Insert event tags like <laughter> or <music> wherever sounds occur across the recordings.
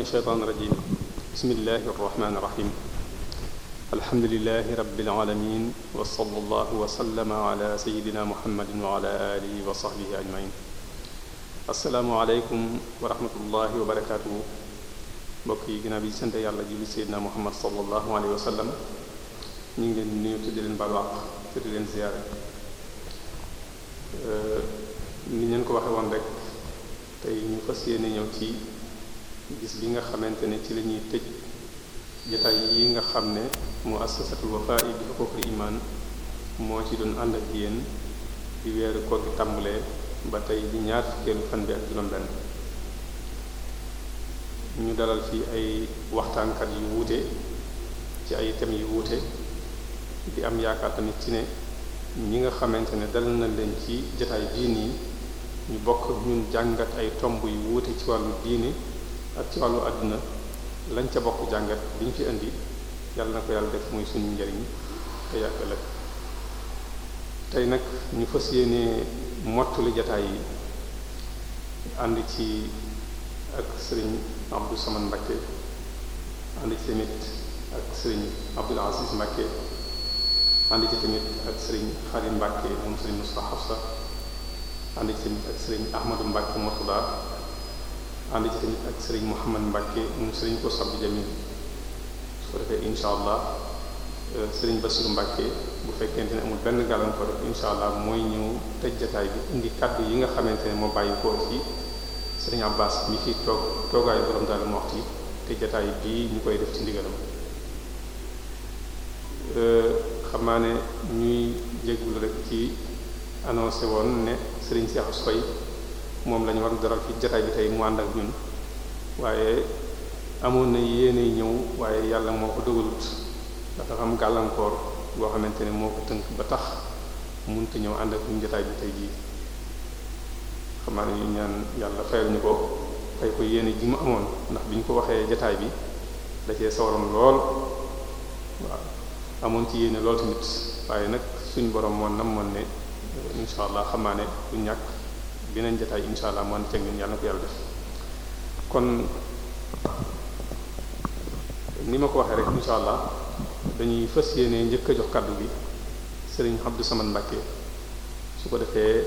الشيطان الرجيم بسم الله الرحمن الرحيم الحمد لله رب العالمين وصلى الله وسلم على سيدنا محمد وعلى آله وصحبه أجمعين asalaamualeykum wa rahmatullahi wa barakaatuhu mbokk yi ginnaaw bi sant yàlla julli seydina muhammad sallallahu alayhi wa sallam ñu ngi leen nuyu te di leen leen ziyaare ni ñu ko waxee woon rek tey ñu fas yéene ñëw ci gis bi nga xamante ne ci la ñuy tëj jataay yi nga xam ne mu assasatul Wafa'i bi huquqil iman moo ci doon ànd ak yéen di weeru koor gi ba tey di ñaar fukkeelu fan bi ak juróom ñu dalal fi ay waxtaankat yu wuute ci ay thèmes yu wuute di am yaakaar tamit ci ne ñi nga xamante ne dalal na leen ci jotaay bii nii ñu bokk ñun jàngat ay tomb yu wuute ci wàllu diine ak ci wàllu àdduna lañ ca bokk jàngat bi ñu fi indi yàlla na ko yàlla def muy suñu njariñ te yàgg la tey nag ñu fas yéenee mottali jataay yi ànd ci ak sëriñ Abdou Saman Mbakke ànd ci tamit ak sëriñ Abdul Aziz Mbakke ànd ci tamit ak sëriñ Xalim Mbakke moom sëriñ Mustafa Hafsa ànd ci tamit sëriñ Ahmadu Mbakke moom sëriñ ko sabbi jamil su ko defee incha allah Euh, Serigne Bassirou Mbacké bu fekkente ne amul benn gàllankoor incha allah mooy ñëw tëj jataay bi indi kaddu yi nga xamante ne moo bàyyi koo ci Serigne Abbas mi toog toogaayu borom daal ci te jataay bii ñu koy def ci ndigalam euh, xam naa ne ñuy jégalu rek ci annoncé woon ne Serigne Cheikh Soy moom la ñu war daral ci jataay bi tey mu ànd ak ñun waaye amoon na yéene ñëw waaye yàlla moo ko dogalut dafa am gàllankoor boo xamante ne moo ko tënk ba tax mënut a ñëw ànd ak ñun jotaay bi tey jii xam naa ñu ñaan yàlla fayal ñu ko fay ko yéene ji mu amoon ndax bi ñu ko waxee jotaay bi da cee sawaroon lool waaw amoon ci yéene lool tamit waaye nag suñ borom moo namoon ne incha allah xam naa ne du ñàkk beneen jotaay incha allah moo nekk ñun yàlla na ko yàlla kon ni ma ko waxee rek incha allah. dañuy fas yéene njëkk a jox kàddu bi sëriñ Abdou Samad Mbàkke su ko defee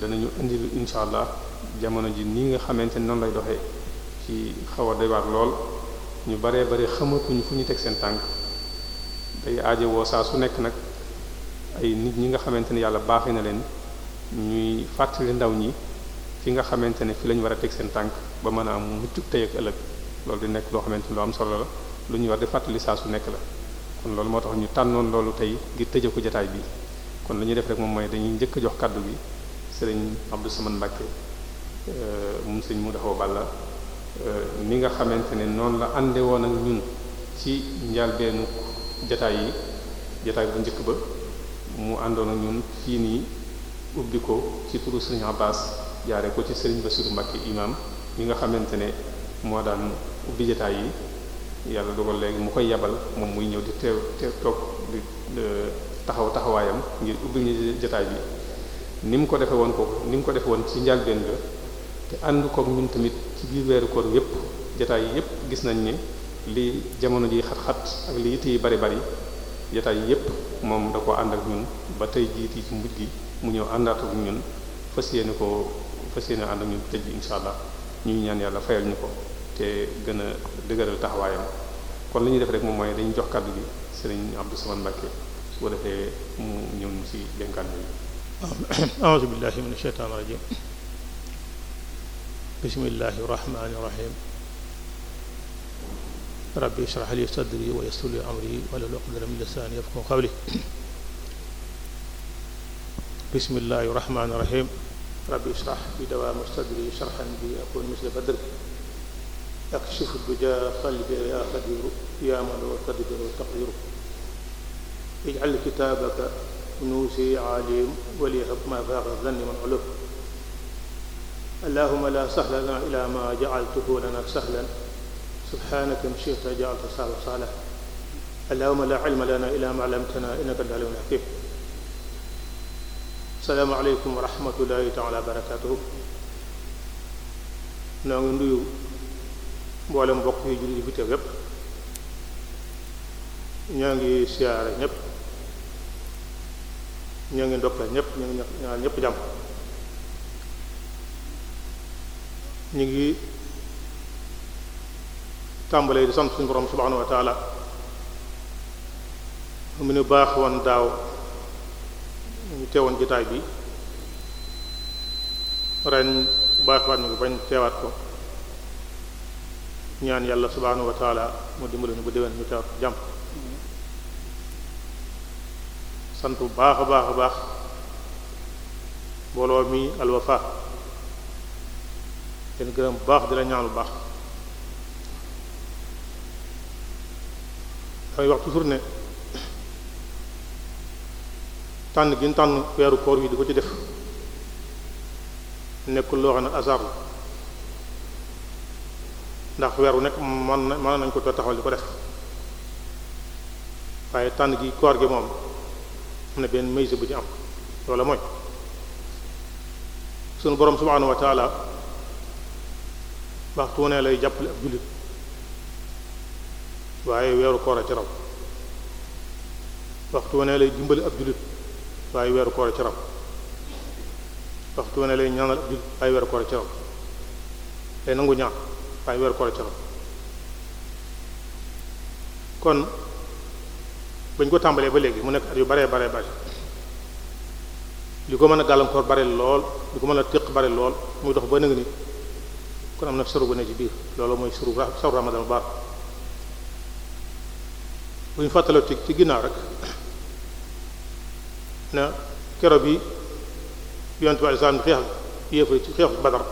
danañu indi incha allah jamono ji nii nga xamante noonu lay doxee ci xaw a doy waar lool ñu baree bare xamakuñ fu ñu teg seen tànk day aajowoo saa su nekk nag ay nit ñi nga xamante ne yàlla baaxee na leen ñuy fàttali ndaw ñi fi nga xamante ne fi lañu war a teg seen tànk ba mën a am mucc tey ak ëllëg loolu di nekk loo xamante ni lu am solo la lu ñuy war di fàttali saa su nekk la kon loolu moo tax ñu tànnoon loolu tey ngir tëje ko jataay bi kon la ñuy def rek moom mooy dañuy njëkk jox kàddu bi sëriñ Abdou Samane Mbacké euh, moom sëriñ mu dafa balla ni euh, nga xamante ne noonu la ànde woon ak ñun ci beenu jotaay yi jotaay ba njëkk ba mu àndoon ak ñun fii nii ubbi ko ci turu sëriñ Abbas jaare ko ci sëriñ Bassirou Mbacké imam mi nga xamante ne moo daan ubbi jotaay yi yàlla dogal léegi mu koy yabal moom muy ñëw di teew teew toog di taxaw taxawaayam ngir ubbi ñu jotaay bi ni mu ko defee woon ko ni mu ko defee woon ci njàlbeen ga te ànd koog ñun tamit ci biir weeru koor yépp jotaay yi yépp gis nañ ni li jamono ji xat-xat ak li yitte yi bari bari jotaay yi yépp moom da ko ànd ak ñun ba tey jiit yi ci mujj gi mu ñëw àndaat ak ñun fas yéene ko fas yéene ànd ak ñun tëj bi incha allah ñuy ñaan yàlla fayal ñu ko. te gën a dëgëral taxawaayam kon li ñuy def rek moom mooy dañuy jox kàddu gi sëriñ Abdou Samane Mbacké bu ko defee mu ñëw ñu ci dénkaan bi <coughs> a'uuzu billahi minash shaytaani rajiim bismillahi rahmaani rahiim rabbi ishrah li sadri wa yassir li amri wahlul uqdatan min lisaani yafqahu qawli bismillahi rahmaani rahiim rabbi ishrah li dawaami sadri sharhan bi akun misla badri ak suuf bi ja qalbi yaa xadiru yaa man wa tadbiru wa taqdiru ij'al kitaabaka nuusi alim wali hab ma faaqa zanni man uluf allahuma la sahlana ila ma jacaltuhu lana sahlan subhanaka in shi'ta jacalta sahla sahla allahuma la cilma lana ila ma allamtana innaka anta alimul hakim salaamu aleykum wa rahmatullahi taala wa barakatuhu noo ngi nuyu mboolem mbokk yi jullit yi fi teew yépp ñoo ngi siyaare ñépp ñoo ngi ndokkeel ñépp ñoo ngi ñaanal ñépp jàmm ñu ngi tàmbalee di sant suñu borom subhanahu wa taala mu ne baax woon daaw ñu teewoon jotaay bi ren baax waat ñu ngi bañ teewaat ko ñaan yàlla subhaanahu wa taala mu dimbali ñu bu déwén ñu teew jàmm sant bu baax a baax a baax mbooloo mi alwafa leen gërëm bu baax di la ñaan lu baax damay wax toujours ne <coughs> tànn gi ñu tànn weeru koor wi di ko ci def nekkul loo xam ne hasard ndax weeru nekk man na mën nañ ko taxawal di ko def waaye tànn gi koor gi moom am na benn maysa bu ci am loola mooy sunu borom subhaanahu wa taala waxtu ne lay jàppale ab jullit waaye weeru koor a ci raw waxtu ne lay dimbali ab jullit waaye weeru koor a ci raw waxtu ne lay ñaanal ab jullit waaye weeru koor a ci raw lay nangu ñaan waaye weeru koor a coro kon bañ ko tàmbalee ba léegi mu nekk at yu baree baree bare li ko mën a gàllankoor bare lool li ko mën a téq bare lool muy dox ba nëg ni kon am na suru bu ne ci biir loolu mooy suru suru ramadan bu baax bu ñu ci ci ginnaaw rek na kero bi yonent bi alei salaam xeex yéefari ci xeexu Badar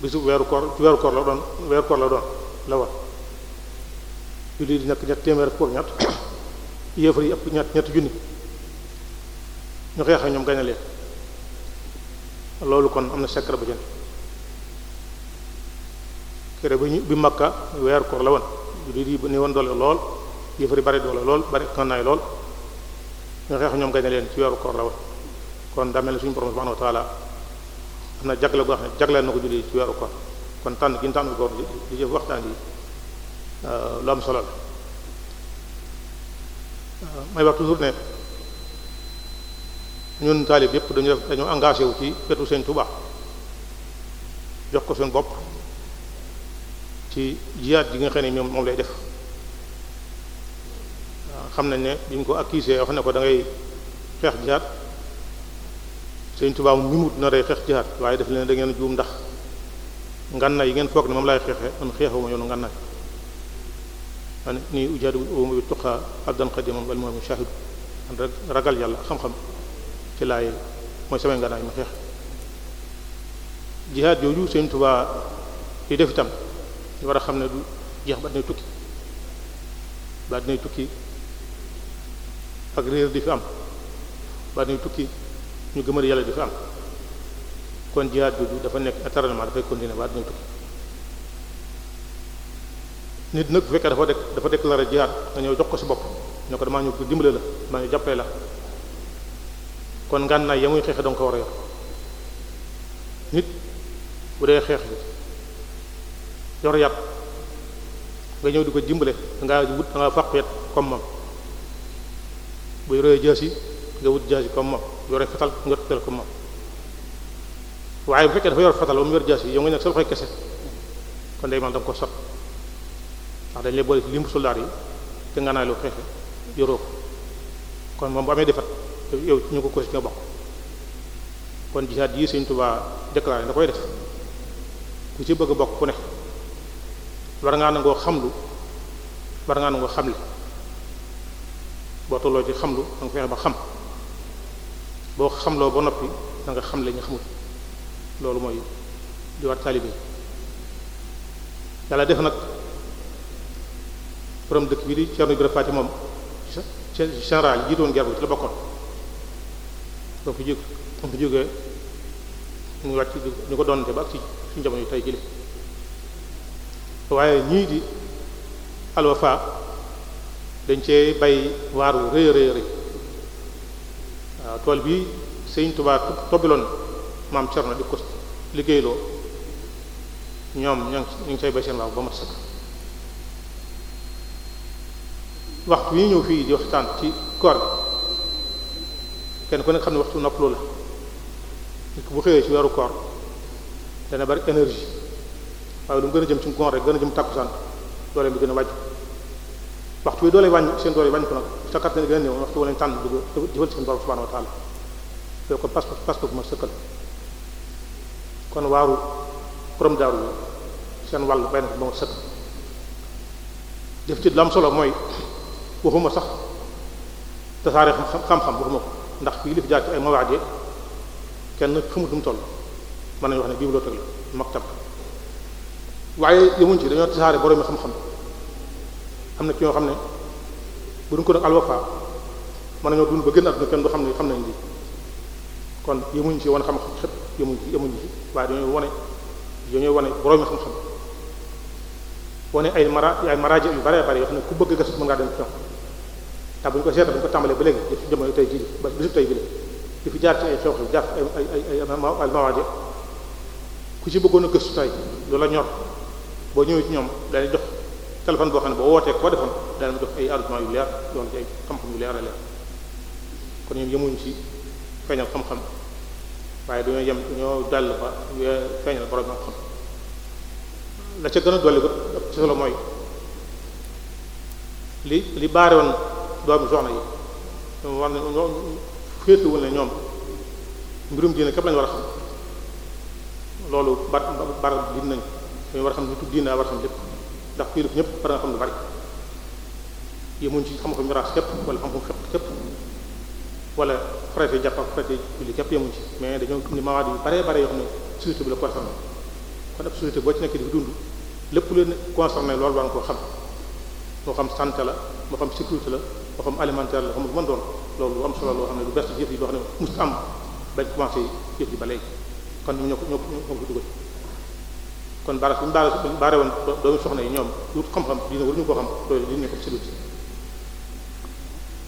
bisu weeru koor ci weeru koor la doon weeru koor la doon la war julli di nekk ñett téeméer pour ñett <coughs> yéefar yi ñett ñett junni ñu xeexee ñoom gañe leen kon am na secret ba jën kere bi ñu bi makka la woon julli di ni woon lool yéefar yi bari doole lool bari xannaay lool ñu xeexee ñoom gañe leen ci weeru koor la woon kon daa mel ne suñu borom wa ta'ala am na jagle xam ne jagleel na ko julli ci weeru koor kon tànn gi ñu tànn koor di jëf waxtaan gi euh, lu am solo la euh, may wax toujours ne ñun taalib yépp dañu def engagé wu ci wetu Sëñ Tuubaa jox ko seen bopp ci jiyaat yi nga xam ne moom moom lay def euh, xam nañ ne bi ñu ko accusé wax ne ko da ngay xeex jiyaat Sëriñ Tuubaa mi mut na rey xeex jihaat waaye daf leen da ngeen juum ndax nganna yi ngeen foog ne moom laay xeexee man xeexuma yoonu nganna man nii ujaadu uma ragal yàlla xam-xam ci laay mooy samay ngannaay ma xeex jihaat jooju Sëriñ Tuubaa di def itam ñu war a xam ne du jeex ba dinay tukki ba dinay tukki ak réer di fi am ba dinay tukki ñu gëmal yàlla di fa am kon jihaad jooju dafa nekk éternellement dafay continuer ba àdduna tukki nit nag bu fekkee dafa dek dafa déclaré jihaad nga ñëw jox ko si bopp ne ko damaa ñu dimbale la damaa ñu jàppale la kon ngànnaay yamuy xeexe danga ko war a yor nit bu dee xeex yor yàpp nga ñëw di ko dimbale dangaa wut dangaa fàqu yet comme moom buy roye jaasi nga wut jaasi comme moom yore fetal nga fetal ko waaye bu fekkee dafa yor fetal ba mu yor jaas yi yow nga nekk sol koy kese kon day man da ko sot ndax dañ lay boole ci limbu soldaar yi te nga naa loo xeexe yoroo ko kon moom bu amee defat yow ñu ko kosi nga bokk kon jihaad yi Sëriñ Tuubaa déclaré da koy def ku ci bëgg a bokk ku ne war ngaa nangoo xamlu war ngaa nangoo xamli boo tolloo ci xamlu da nga fexe ba xam boo xam loo ba noppi da xam la ñu xamut loolu mooy di war taalibe yàlla def nag borom dëkk bi di Thierno Ibrahima Faty moom général yi jiitoon guerre bi ci la bokkoon boo fi jóg boo fi jógee mu wàcc ñu ko doonante ba ak ci suñu jamono yu tey jële waaye ñii di Al Wafa dañ cee bay waaru rëy rëy rëy waaw tool bii sëñ Tuubaa tobbiloon maam Cerno di ko liggéeyloo ñoom ñu ngi say bay seen waaw ba mat sëkk waxtu wi ñëw fii di waxtaan ci koor bi kenn ku nekk xam ne waxtu noppaloo la nit bu xëyee ci weeru koor dana bari énergie waaye lu mu gën a jëm ci ngoon rek gën a jëm tàkkusaan dooleem bi gën a wàccu waxtu bi doole wàññi seen doole wàññi ko nag sa kàttan gën a néew waxtu wala ñu tànn dugg jëfal seen borom subhanahu wa ta'ala seen wàll bay na ko ba ma sëkk def ci lu mooy <coughs> waxuma sax tasaare xam-xam waxuma ko ndax fii li fi jaar ci ay mawaadee kenn xamut lu mu toll nañu wax ne bibliothèque la maktab waaye yemuñ ci dañoo tasaare borom yi xam-xam am na ci ñoo xam ne bu ñu ko doon alwafa mën nañoo dund ba gën àdduna kenn du xam ne xam nañ lii kon yemuñ ci wane xam-xam xëpp yemuñ ci yemuñ ci waaye dañoo wane dañoo wane boroomi xam-xam wane ay mara ay maraje yu bare bare xam ne ku bëgg a gas mën ngaa dem ci ñoom ndax bu ko seeta bu ñu ba léegi daf tey jii ba bisu tey bi la fi jaar ay xew-xew ay ay ay ay ku ci bëggoon a gëstu tey loola ñor boo ñëwee ci ñoom dañuy jox téléphone boo xam ne boo wootee koo defoon dana jox ay argument yu leer yoon ci ay xam-xam yu leer a leer kon ñoom yemuñ ci feeñal xam-xam waaye dañoo yem ñoo dal fa feeñal borom xam la ca gën a dolli ko ci mooy li li baare woon doomi soxna yi ñoom war na ñoom féetuwul ne ñoom mbirum diine képp lañu war a xam loolu bar bar bind nañ dañu war a xam nitu diine xam lépp ndax kuy def ñëpp war nga xam lu bari yemuñ ci xam ko miraas képp wala xam-xam fiq képp wala frate jàpp ak frate julli képp yemuñ ci mais dañoo ni mawaat yu baree bare yoo xam ne société bi la concerné boo ci nekk di fi dund lépp leen concerné loolu war nga koo xam moo la moo xam sécurité la moo xam alimentaire la xam lu mën doon loolu lu am solo loo xam ne lu bees jëf yi loo xam ne must am bañ commencé jëf yi ba léegi kon ñoo ko ñoo ko ñoo ko dugal kon baara suñu baara suñu baare woon doomu soxna yi ñoom wut xam-xam dina waruñu koo xam loolu dinañu ko si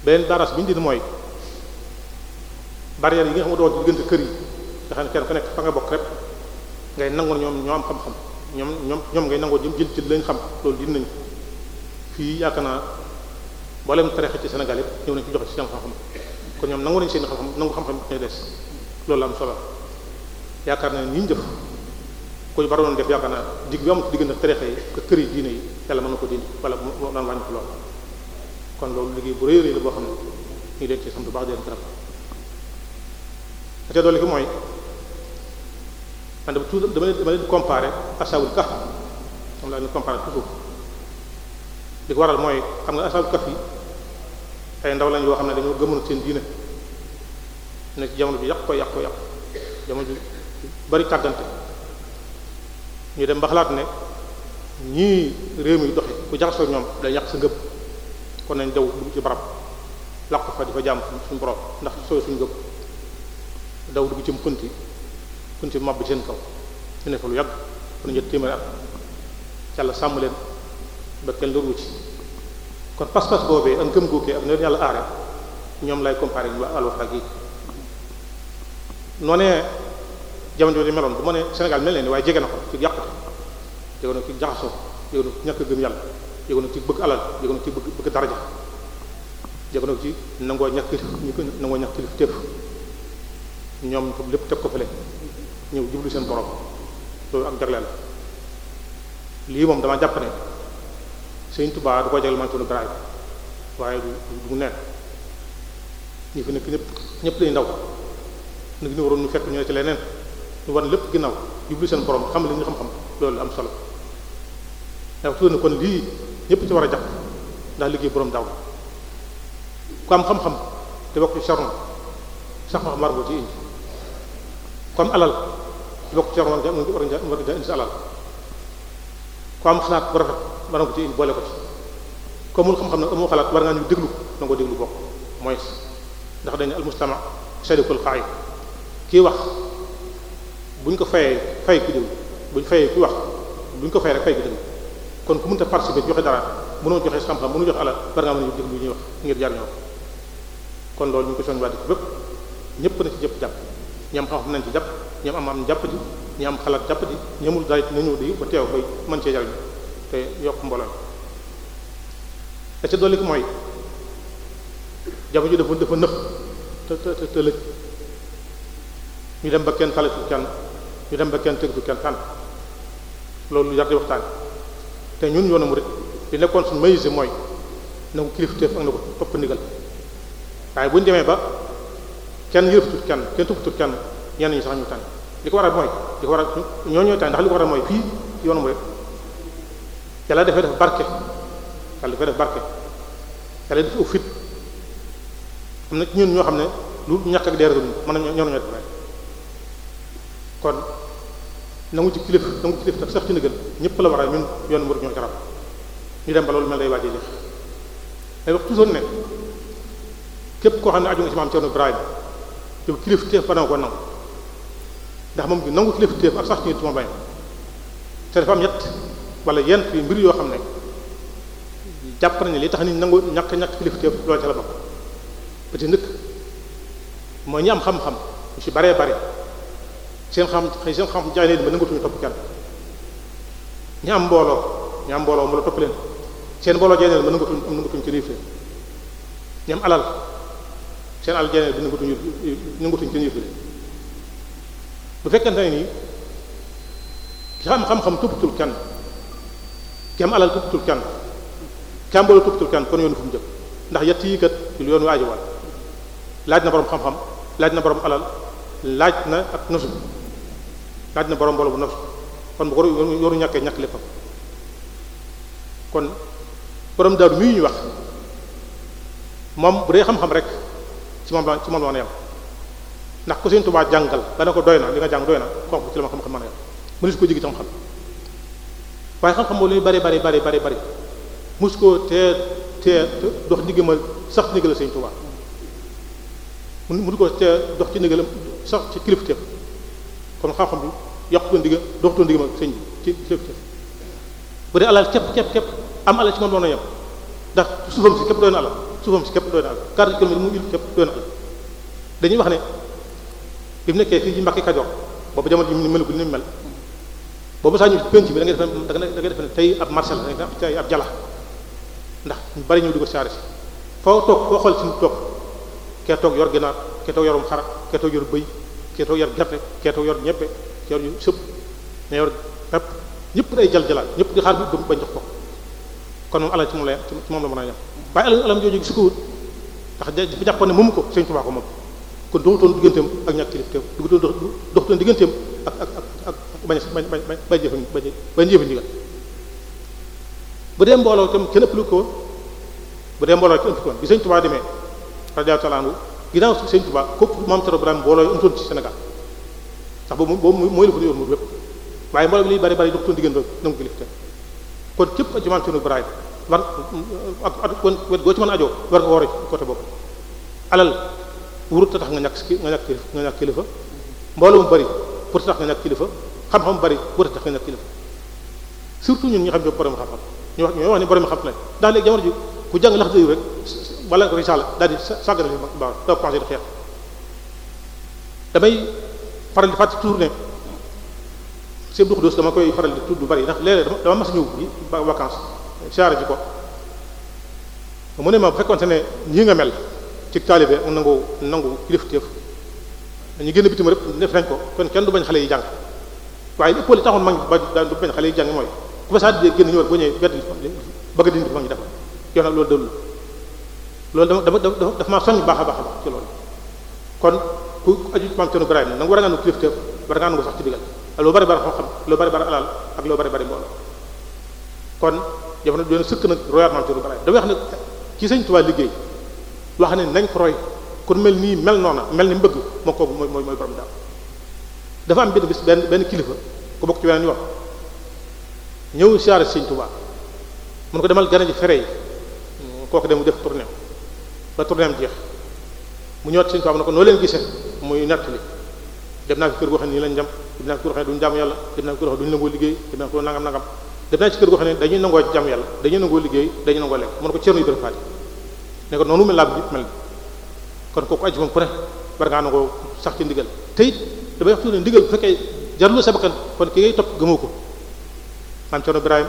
bi ñu dindi mooy barrière yi nga xam ne doon ci kër yi nga xam ne kenn ku nekk fa nga bokk nangu ñoom ñoo am xam-xam ñoom ñoom ñoom ngay nangoo jëm jël ci lañ xam loolu din nañ fii yaakaar naa mboolem ci Sénégal yëpp ñëw ci joxe ci seen xam-xam kon ñoom nangu nañ seen xam-xam nangu des loolu la am solo yaakaar naa ni ñu jëf ko waroon def yaakaar naa dig bi am diggante tarixa yi ak kër yi diine yi yàlla mën na ko dindi wala mu daan wàññi ko lool kon loolu liggéey bu rëy rëy la boo xam ne ñu leen ci sant bu baax di mooy man dama toujours dama leen dama leen comparé asawul kaf moom laa leen comparé toujours li waral mooy xam nga asawul kaf yi ay ndaw lañ boo xam ne dañoo gëmoon seen diine nekk ci jamono bi yàq ko yàq ko yàq jamono bi bari tàggante ñu dem ba xalaat ne ñii réew mi doxi ku jaxasoo ñoom day yàq sa ngëb kon nañ daw dugg ci barab làq fa di fa jàmm suñu borom ndax sooy suñu ngëb daw dugg ci kunti kunti mab bi seen kaw ñu ne fa lu yàgg kon ñu téeméer at yàlla sàmm leen ba kenn loru ci kon pas-pas boobee ak ngëm gookee ak neen yàlla aare ñoom lay comparé ñu waa alwaxra jamono di meloon bu ma ne Sénégal mel ne ni waaye jege na ko ci yàqute jege na ci jaxasoo jege na ci ñàkk gëm yàlla jege na ci bëgg alal jege na ci bëgg bëgg daraja jege ci nangoo ñàkk kilif nangoo ñàkk kilif lépp teg ko fële seen borom loolu ak jagleel lii moom dama jàpp ne Sëriñ Tuubaa du ko jagleel du du neen ñi fi nekk ñëpp ñëpp lañu ndaw nag ñu waroon ñu fekk ñu ne ci leneen ñu wan lépp ginnaaw jublu seen borom xam li ñu xam-xam loolu am solo ndax lii ñëpp ci war a jàpp liggéey borom daw ku am xam-xam te bokk ci charon sax ma marbo ci indi ku xalaat bu rafet war boole ko ci ku amul xam-xam nag amoo xalaat war ngaa ñu déglu da nga déglu bokk mooy ndax dañ ne almustama sadikul qaa'id kii wax bu buñ ko fayee fay ku jëw buñ fayee ku wax buñ ko fay rek fay ku jëw kon ku mënta participer joxe dara munoo joxe xam-xam mënoo joxe alal war ngaa mën a jëf lu ñuy wax ngir jar ñoo kon loolu ñu ngi ko soñ waa dëkk bépp ñëpp na ci jëpp jàpp ñi am xam nañ ci jàpp ñi am jàpp ci ñi xalaat jàpp ci ñi amul dara na ñëw di ba teew bay man cee jariñ te yokk mbooloo da ca dolli ko mooy jamono ji dafa dafa nëx te te te ñu dem ba kenn xalaatu kenn ñu dem ba kenn tëgatu kenn tànn loolu yar di waxtaan te ñun yoonu murid di nekkoon suñu mayuse mooy na ko kilifteef ak na ko topp ndigal waaye bu ñu demee ba kenn yëfatut kenn kenn tupatut kenn ñenn ñi sax ñu tànn li ko waral mooy li ko waral ñoo ñooy tànn ndax li ko waral mooy fii yoonu murid yàlla dafay def barke yàlla dafay def barke yàlla def fit am na ñun ñoo xam ne lu ñàkk ak deer mën na ñoo ñoo def kon nangu ci kilif nangu ci kilif tax sax ci ndigal ñëpp la war a ñun yoon mur ñoo jaram ñu dem ba loolu mel day waajee jëf day wax toujours ne képp koo xam ne aju nga ci maam Cerno Ibrahima yow kilif téef ba danga ko nangu ndax moom gi nangu kilif téef ak sax ci nit ma bañ te dafa am ñett wala yenn fi mbir yoo xam ne jàpp nañ li tax ni nangu ñàkk ñàkk kilif téef loolu ca la bokk ba ci njëkk mooy ñi am xam-xam ñu ci baree bare seen xam xëy seen xam jaay leen ba nangatuñu topp kenn ñi am mbooloo ñi am mbooloo mu la topp leen seen mbooloo jaay leen ba nangatuñ am ci riif leen ñi am alal seen alal jaay leen ba nangatuñu nangatuñ ci riif leen bu fekkente ne nii ki xam xam-xam tuppatul kenn ki am alal tuppatul kenn mbooloo tuppatul kenn kon yoonu fu mu jëm ndax yett yi kat lu yoon waaji laaj na borom xam-xam laaj na borom alal laaj na ak nosu daa dina borom mbooloo bu noppi kon bu ko yoru ñàkkee ñàkk léppam kon borom daaru mii ñu wax moom bu dee xam-xam rek ci moom la ci moom la ndax ku seen tubaa jàngal dana ko doy na li nga jàng doy na kooku ci la ma xam-xam mën a yem mënu waaye xam-xam boobu lu ñu bari bari bari bari bari mus koo tee tee dox diggama sax ci ndigal sëñ Tuubaa mun mun koo tee dox ci ndigal sax ci kilifteef kon xam-xam yokkutoo ndigam doxutoo ndigam ak sëñ bi ci lépp bu dee alal képp képp képp am alal ci moom doon na yem ndax suufam si képp doy na alal suufam si képp doy na alal carte mu il képp doy na alal dañuy wax ne bi mu nekkee fii ci Mbàkke Kajoor boobu jamono ji mu mel ni mu mel boobu saa ñu penc bi da ngay da ngay def ne tey ab marché la da ngay ab jala ndax ñu bari ñëw di ko chargé foo toog foo xool ci ñu toog kee yor ginaar kee yorum xara kee toog yor bëy kee yor gerte kee yor ñebbe yor yu sëpp ne yor pepp ñëpp day jal jalaat ñëpp di xaar bi ba bañ jox ko kon moom alal ci moom la ci moom la mën a yem waaye alal alam jooju gis ko wut ndax dafa jàppoon ne moomu ko Sëriñ Tuubaa ko moom kon doxutoon digganteem ak ñàkk kilifteem doxutoon doxutoon digganteem ak ak ak bañ bañ bañ jëfe bañ jëfe ndigal bu dee mbooloo itam kenn ëpp lu ko bu dee mbooloo kenn ëpp ko bi Sëriñ Tuubaa demee radiyallahu ta'ala anhu ginnaaw Sëriñ Tuubaa képp maam Cerno Birahim ci senegal ndax boobu boobu mooy la ko réewoon mu wépp waaye mbooloo mi bari bari dox toon diggéen képp a ci man seenu baraay war ak ak kon wet ajoo war nga war a boobu alal wurut tax nga ñàkk nga ñàkk kilifa nga kilifa mbooloo mu bari pour tax nga ñàkk kilifa xam-xam bari pour tax nga ñàkk kilifa surtout ñun ñi xam ne borom ñu wax ñoo wax ne borom xam lañ ndax léegi jamono ji ku jàng lax dayu rek wala nga koy sàll daal di sàgg na fi baax da commencé di xeex damay faral di fàtte toujours ne sëñ Abdou Khoudoss dama koy faral di tudd bari ndax léeg-léeg dama mas a ñëw bi vacance siyaare ji ko mu ne ma bu fekkoon ne ñii nga mel ci taalibe mu nangu nangu kilifteef ñu génn bitim rek def nañ ko kon kenn du bañ xale yi jàng waaye li ëpp li taxoon mag ba du bañ xale yi jàng mooy ku ba saa di génn ñëwal boo ñëwee bedd bëgg dindi ma ngi def yow nag loolu dalul loolu dama dama daf maa soññ baax a baax a baax ci loolu kon ku aju maag coono Ibrahima nag war a nga nu kilifteef war ngaa nangu sax ci digal loo bari bari xam-xam loo bari bari alal ak loo bari bari mbooloo kon de doon sëkk nag royaat maam coono Ibrahima dama wax ne ci Sëriñ Tuubaa ne nañ ko kon mel nii mel noona mel ni mbëgg moo kooku mooy mooy borom daal dafa am benn benn kilifa ku bokk ci weneen yoon ñëw siyaare Sëriñ Tuubaa mun ko demal gane ji fere yi kooku dem mu def tournée ba tournée jeex mu ñëwaat Sëriñ Tuubaa mu ne ko noo leen gisee muy nettali dem naa fi kër goo xam ne nii lañ jam dem naa fi kër goo xam ne duñu jaamu yàlla dem naa fi kër goo xam ne liggéey dem naa fi kër nangam nangam dem naa ci kër goo xam ne dañuy nangoo jaamu yàlla dañuy nangoo liggéey dañuy nangoo lekk mën ko cerno yu bëri faati ne ko laa bi mel kon kooku aji moom ku ne war ngaa nangoo sax te it damay wax ne ndigal bu fekkee jarlu ki ngay topp ko maam cerno Ibrahim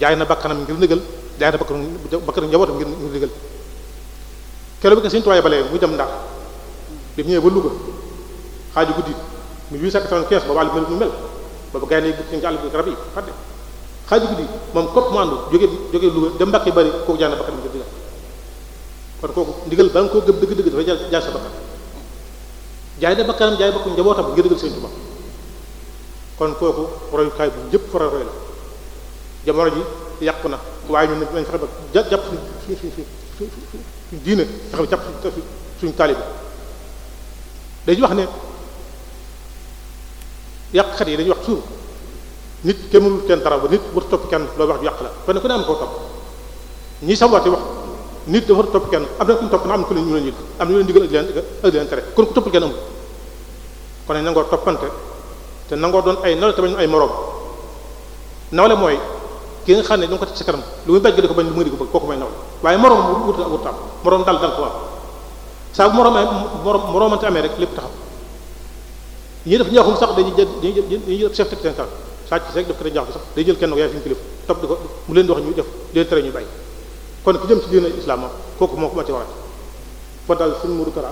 jaay na bakkanam ngir ndigal jaay na bakkanam bakkanam njabootam ngir ndigal keroog bi ko sëñ tuwaay balee muy dem ndax bi ñëwee ba Louga xaaju guddi 1895 boobu àll bi mu mel boobu gars yi nekk ci àll bi rab yi xaaju guddi moom kopp mu àndu jógee jógee Louga dem Mbàkke bari kooku jaan bakkan bi digal kon kooku ndigal ba nga koo gëm dëgg-dëgg dafay jaay sa bakkan jaay da bakkanam jaay bakku kon kooku royukaay bu ñëpp la jamono ji yàqu na waaye ñun nañ fexe ba jàpp suñ suñ suñ diine suñ suñ dañu wax ne yàqkat yi dañu wax toujours nit kenn mënul kenn dara ba nit war topp kenn loo wax ju yàq la kon ku ne am koo topp ñi sabooti wax nit dafa war topp kenn am na ku ñu topp na am na ku ñu leen am na leen digal ak leen ak leen tere kon ku topp kenn amul nangoo toppante te nangoo doon ay nawle te bañ ay moroom nawle mooy ki nga xam ne da nga ko teg sa kanam lu muy bañ ko di ko bañ lu muy di ko bëgg kooku may nawle waaye moroom wut wut am moroom dal dal ko am saa bu moroomee moroomante amee rek lépp taxaw ñi def njaaxum sax dañuy jël dañuy jël chef de syndicat sàcc si rek daf ko njaaxum sax day jël kenn ko yaay fi ñu kilifa di ko mu leen di wax ñu def leen tere ñu bàyyi kon ku jëm ci diine islam kooku moo ko ma ci waral ba daal suñ Modou Kara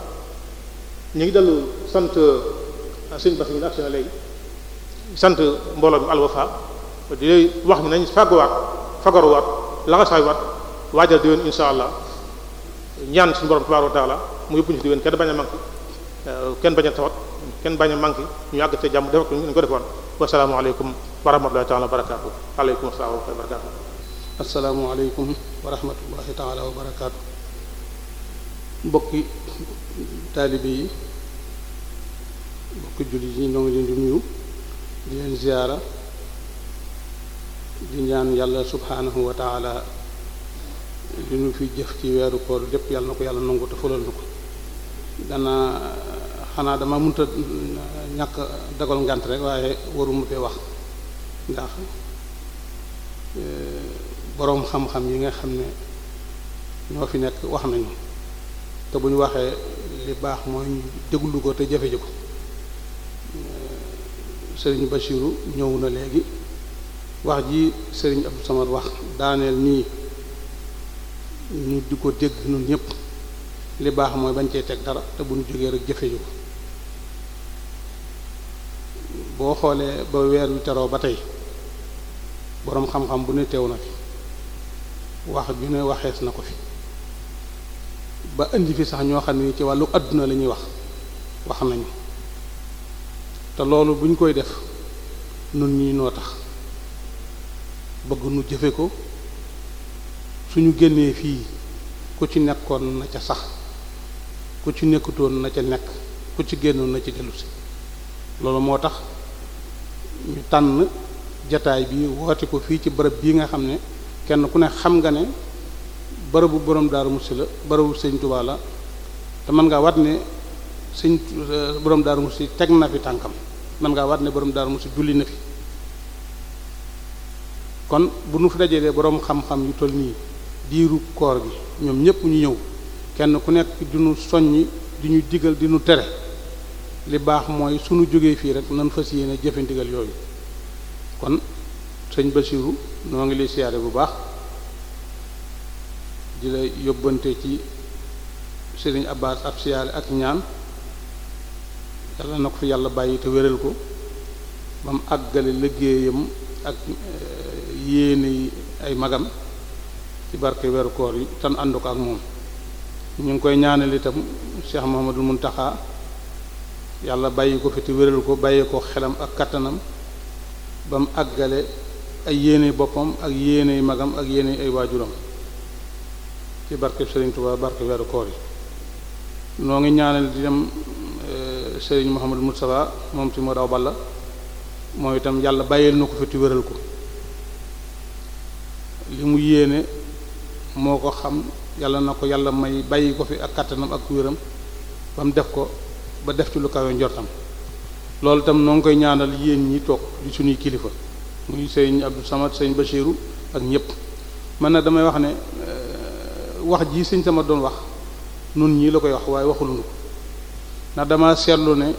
ñu ngi dellu sant sëñ Bass ñu ak seen léegi sant mbooloo mi Al Wafa di lay wax ni nañ fagguwaat fagaruwaat laxasaayuwaat waajal di leen incha allah ñaan suñu borom tabaaraka wa taala mu yóbbu ñu fi déwén kenn bañ a manqué euh, kenn bañ a tawat kenn bañ a manqué ñu àgg te jàmm def ko ñu ko defoon wasalaamualeykum wa rahmatullahi taala wa barakaatu aleykum salaam wa barakaatu asalaamualeykum yi mbokki di nuyu di di ñaan yàlla subhaanahu wa jëf ci weeru koor lépp yàlla na ko yàlla nangu te fulal na ko dana xanaa dama mënta ñàkk dagal ngant rek waaye warumu te wax ndax e, boroom xam-xam yi nga xam ne ñoo fi nekk wax nañu te bu ñu waxee li baax mooy ñu ko te jafe ji ko e, sëriñ Bachiru ñëw na léegi wax ji sëriñ Abdou Samad wax daaneel nii ñu di ko dégg noonu ñëpp li baax mooy bañ cee teg dara te bu ñu jógee rek jëfe ju ko boo xoolee ba weer wi teroo ba tey boroom xam-xam bu ne teew na fi wax ju ne waxees na ko fi ba indi fi sax ñoo xam ne ci wàllu àdduna la ñuy wax wax nañu te loolu bu ñu koy def nun ñi noo tax bëgg nu jëfe ko su ñu génnee fii ku ci nekkoon na ca sax ku ci nekkutoon na ca nekk ku ci génnoon na ci dellusi loolu moo tax ñu tànn jataay bi woote ko fii ci bërëb bii nga xam ne kenn ku ne xam nga ne bërëbu borom daaru musi la bërëbu sëñ Tuubaa la te mën ngaa wat ne sëñ eh, borom daaru musi teg na fi tànkam mën ngaa wat ne borom daaru musi julli na fi kon bu nu fi dajalee borom xam-xam yu toll nii diiru koor bi ñoom ñëpp ñu ñëw kenn ku nekk di ñu soññi di ñu digal di ñu tere li baax mooy sunu jógee fii rek nan fas yéene jëfe ndigal yooyu kon sëñ Basiru noo ngi lay siyaare bu baax di la yóbbante ci sëriñ Abbas ab siyaare ak ñaan yàlla na ko fi yàlla bàyyi te wéral ko ba mu àggale liggéeyam ak eh, yéene ay magam ci barke weeru koor yi tan ànd ko ak moom ñu ngi koy ñaanal itam Cheikh Mouhamadul Muntaxa yàlla bàyyi ko fi te ko bàyyi ko xelam ak kattanam ba mu àggale ay yéene boppam ak yéene magam ak yéene ay waajuram ci barkeb Serigne Touba barke weeru koor yi noo ngi ñaanal di dem eh, Serigne Mouhamadul Moustapha moom ci moo daw balla mooy itam yàlla bàyyil na ko fi wéral ko li mu yéene moo ko xam yàlla na ko yàlla may bàyyi ko fi ak kàttanam ak wéram ba mu def ko ba def ci lu kawe njortam loolu itam noo ngi koy ñaanal yéen ñi toog di suñuy kilifa muy sëñ Abdou Samad sëñ Bachiru ak ñëpp man nag damay wax ne euh, wax ji sëñ sama doom wax nun ñii la koy wax waaye waxulunu ko ndax dama seetlu ne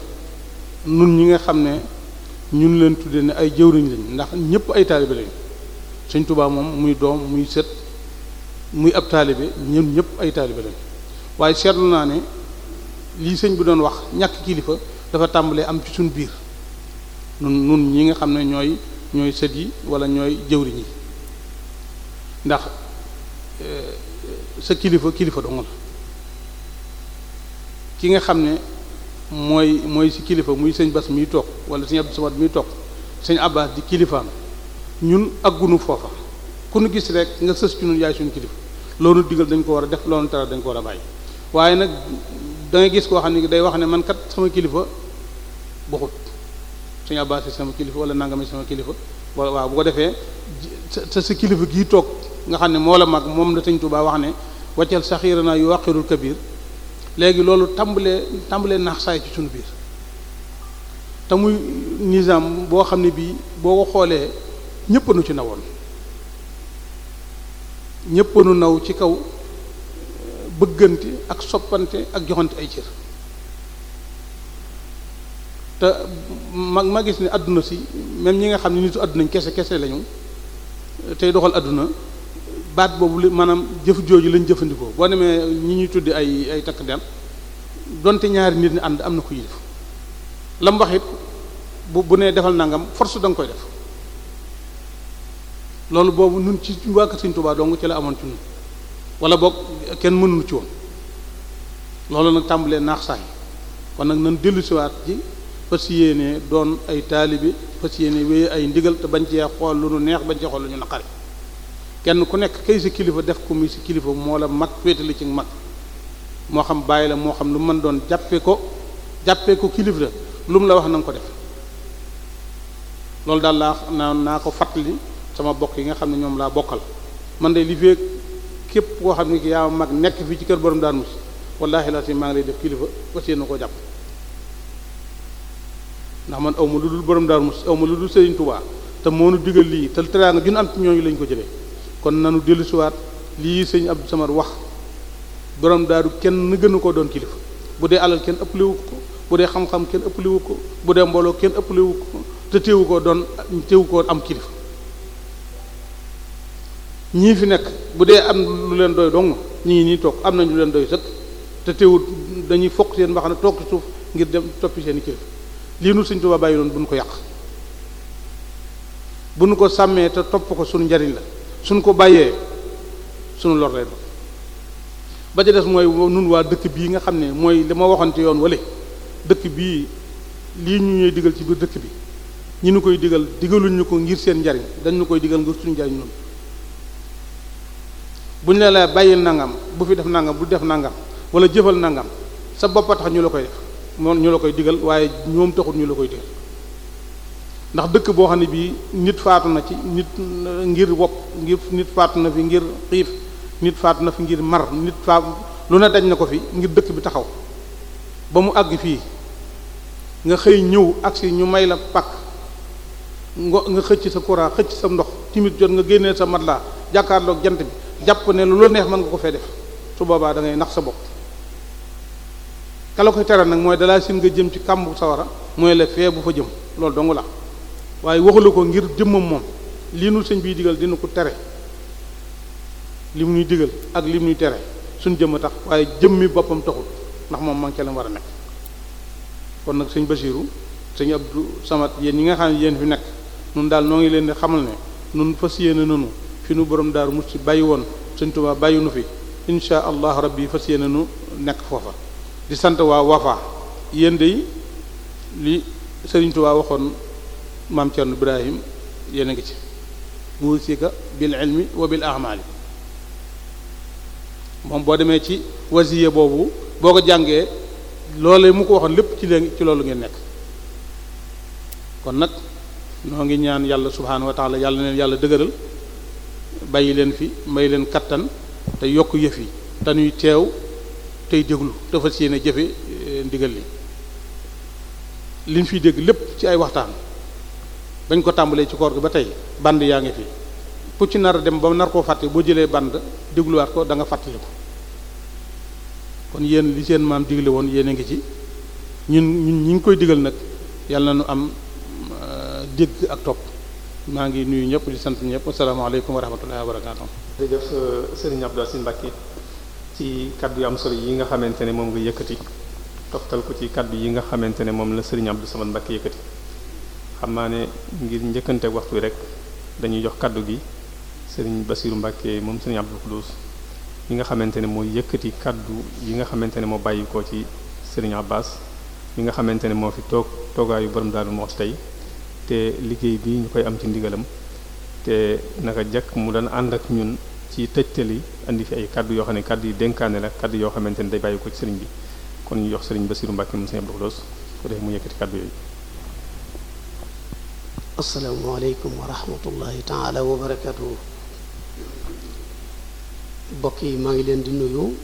nun ñi nga xam ne ñun leen tudde ne ay jëwriñ lañ ndax ñëpp ay taalibe lañ sëñ Tuubaa moom muy doom muy set muy ab taalibe ñun ñëpp ay taalibe lañ waaye seetlu naa ne lii sëñ bi doon wax ñàkk kilifa dafa tàmbalee am ci suñ biir nun nun ñi nga xam ne ñooy ñooy sët yi wala ñooy jëwriñ yi ndax eh, sa kilifa kilifa dong la ki nga xam ne mooy mooy si kilifa muy sëñ Bas muy toog wala sëñ Abdou muy toog sëñ abaat di kilifaam ñun aggunu foofa ku nu gis rek nga sës ci ñun yaay suñu kilifa loolu diggal dañ ko war a def loolu tere dañ ko war a bàyyi waaye nag da gis koo xam ne day wax ne man kat sama kilifa boxut suñu abbas sama kilifa wala nangami sama kilifa wala waaw bu ko defee sa sa kilifa gi toog nga xam ne moo la mag moom la sëñ Tuubaa wax ne waccal saxiira naa yu waqirul kabir léegi loolu tàmbalee tàmbalee naax saay ci suñu biir te muy nizaam boo xam ne bii boo ko xoolee ñëpp nu ci woon ñëpp nu naw ci kaw bëggante ak soppante ak joxante ay cër te mag ma gis ne àdduna si même ñi nga xam ne nitu àdduna kese kese lañu tey doxal àdduna baat boobu li maanaam jëf jooju lañ jëfandikoo boo demee ñi ñuy tuddi ay ay takk dem donte ñaari nit ñi ànd am na ku ñuy def la bu bu nee defal nangam force da nga koy def loolu boobu nun ci waa Kër Sëriñ Tuubaa dong ci la amoon ci nun wala boog kenn mënuñu ci woon loolu nag tàmbalee naax saay kon nag nan dellu siwaat ji fas yéene doon ay taalibi fas yéene wéye ay ndigal te bañ cee xool lu nu neex bañ cee xool lu ñu naqari kenn ku nekk kay si kilifa def ko muy si kilifa moo la mag féetali ci mag moo xam bàyyi la moo xam lu mën doon jàppe ko jàppe ko kilif la lu mu la wax na ko def loolu daal naa naa ko fàttali sama bokk yi nga xam ne ñoom laa bokkal man de li képp koo xam ne ki yaa mag nekk fii ci kër borom Darou Moukhty wallaahi la si maa ngi lay def kilifa fas yéene ko jàpp ndax man aw ma lu dul borom Darou Moukhty aw ma lu dul Serigne Touba te moonu diggal lii te teraanga jun am ci ñooñu lañ ko jëlee kon nanu dellusiwaat lii sëñ ab Samad wax borom daaru kenn gënu koo doon kilifa bu dee alal kenn ëppalewu ko bu dee xam-xam kenn ëppalewu ko bu dee mbooloo kenn ëppalewu ko te teewu koo doon teewu koo am kilifa. ñii fi nekk bu dee am lu leen doy dong ñi ngi nii toog am nañu lu leen doy sëkk te teewut dañuy fokk seen wax ne toog ci suuf ngir dem toppi seen i kilifa lii nu Sëriñ Tuubaa bàyyi doon bu nu ko yàq bu nu ko sàmmee te topp ko suñu njariñ la suñ ko bàyyee suñu lor lay doon ba ci des mooy nun waa dëkk bii nga xam ne mooy li ma waxante yoon wale dëkk bii lii ñu ñuy digal ci biir dëkk bi ñu nu koy digal digaluñ ñu ko ngir seen njariñ dañ ñu koy digal ngir suñu njariñ noonu bu ñu la la bàyyil nangam bu fi def nangam bu def nangam wala jëfal nangam sa boppa tax ñu la koy def moom ñu la koy digal waaye ñoom taxul ñu la koy digal ndax dëkk boo xam ne bii nit faatu na ci nit ngir wopp ngir nit faatu na fi ngir xiif nit faatu na fi ngir mar nit faatu lu ne dañ na ko fi ngir dëkk bi taxaw ba mu àgg fii nga xëy ñëw agsi ñu may la pakk nga xëcc sa courant xëcc sa ndox timit jot nga génnee sa mat laa jàkkaarloog jant bi jàpp ne lu la neex mën nga ko fee def su boobaa da ngay nax sa bopp kala tere nag mooy dalaa sin nga jëm ci kàmbu sawara mooy la fee bu fa jëm loolu dongu la waaye waxula ko ngir jëmmam moom lii nu sëñ biy digal dina ko tere li mu ñuy digal ak li muy tere suñ jëmm tax waaye jëm mi boppam taxul ndax moom man ca la war a nekk kon nag sëñ Basiiru sëñ Abdou Samad yéen yi nga xam ne yéen fi nekk nun daal noo ngi leen di xamal ne nun fas yéene nanu fi nu borom daaru ci bàyyi woon sëñ Tuubaa bàyyi nu fi insha allah rabbi fas yéene nu nekk foofa di sant waa Wafa yéen de li sëriñ waxoon maam Cerno Ibrahim yéen a ngi ci muusika bil ilmi wa bil ahmaali moom boo demee ci wasiye boobu boo ko jàngee loole mu ko waxoon lépp ci leen ci loolu ngeen nekk kon nag noo ngi ñaan yàlla subhaanahu wa taala yàlla neen yàlla dëgëral bàyyi leen fi mbay leen kattan te yokk yëf yi te ñuy teew tey déglu te fas yéene jëfe eh, ndigal li liñ fiy dégg lépp ci ay waxtaan bañ ko tàmbalee ci koor gi ba tey band yaa ngi fi ku ci nar a dem ba nar koo fàtte boo jëlee band dégluwaat ko danga nga fàttali ko kon yéen li seen maam digle woon yéen a ngi ci ñun ñun ñu ngi koy digal nag yàlla na nu am eh, dégg ak topp maa ngi nuyu ñëpp di sant ñëpp asalaamaaleykum wa rahmatullahi wa barakatuh jërëjëf Serigne Abdou Aziz Mbacké ci kaddu yu am yi nga xamante ne moom yëkkati toftal ko ci kaddu yi nga xamante ne moom la Serigne Abdou Samad Mbacké yëkkati xam naa ne ngir njëkkante waxtu rek dañuy jox kaddu gi Serigne Bassirou Mbacké moom Serigne Abdou Khoudoss yi nga xamante ne moo yëkkati kaddu yi nga xamante ne moo bàyyi ko ci Serigne Abbas mi nga xamante ne moo fi toog toogaayu borom Darou Moukhty tey te liggéey bi ñu koy am ci ndigalam te naka jekk mu daan ànd ak ñun ci tëjtali indi fi ay kaddu yoo xam ne kaddu yi dénkaane la kaddu yoo xamante ne day bàyyi ko ci sëriñ bi kon ñu jox sëriñ Basiru Mbàkke mu sëriñ Abdou Khoudoss mu yëkkati kaddu yooyu asalaamaaleykum wa rahmatullahi yi maa ngi leen di nuyu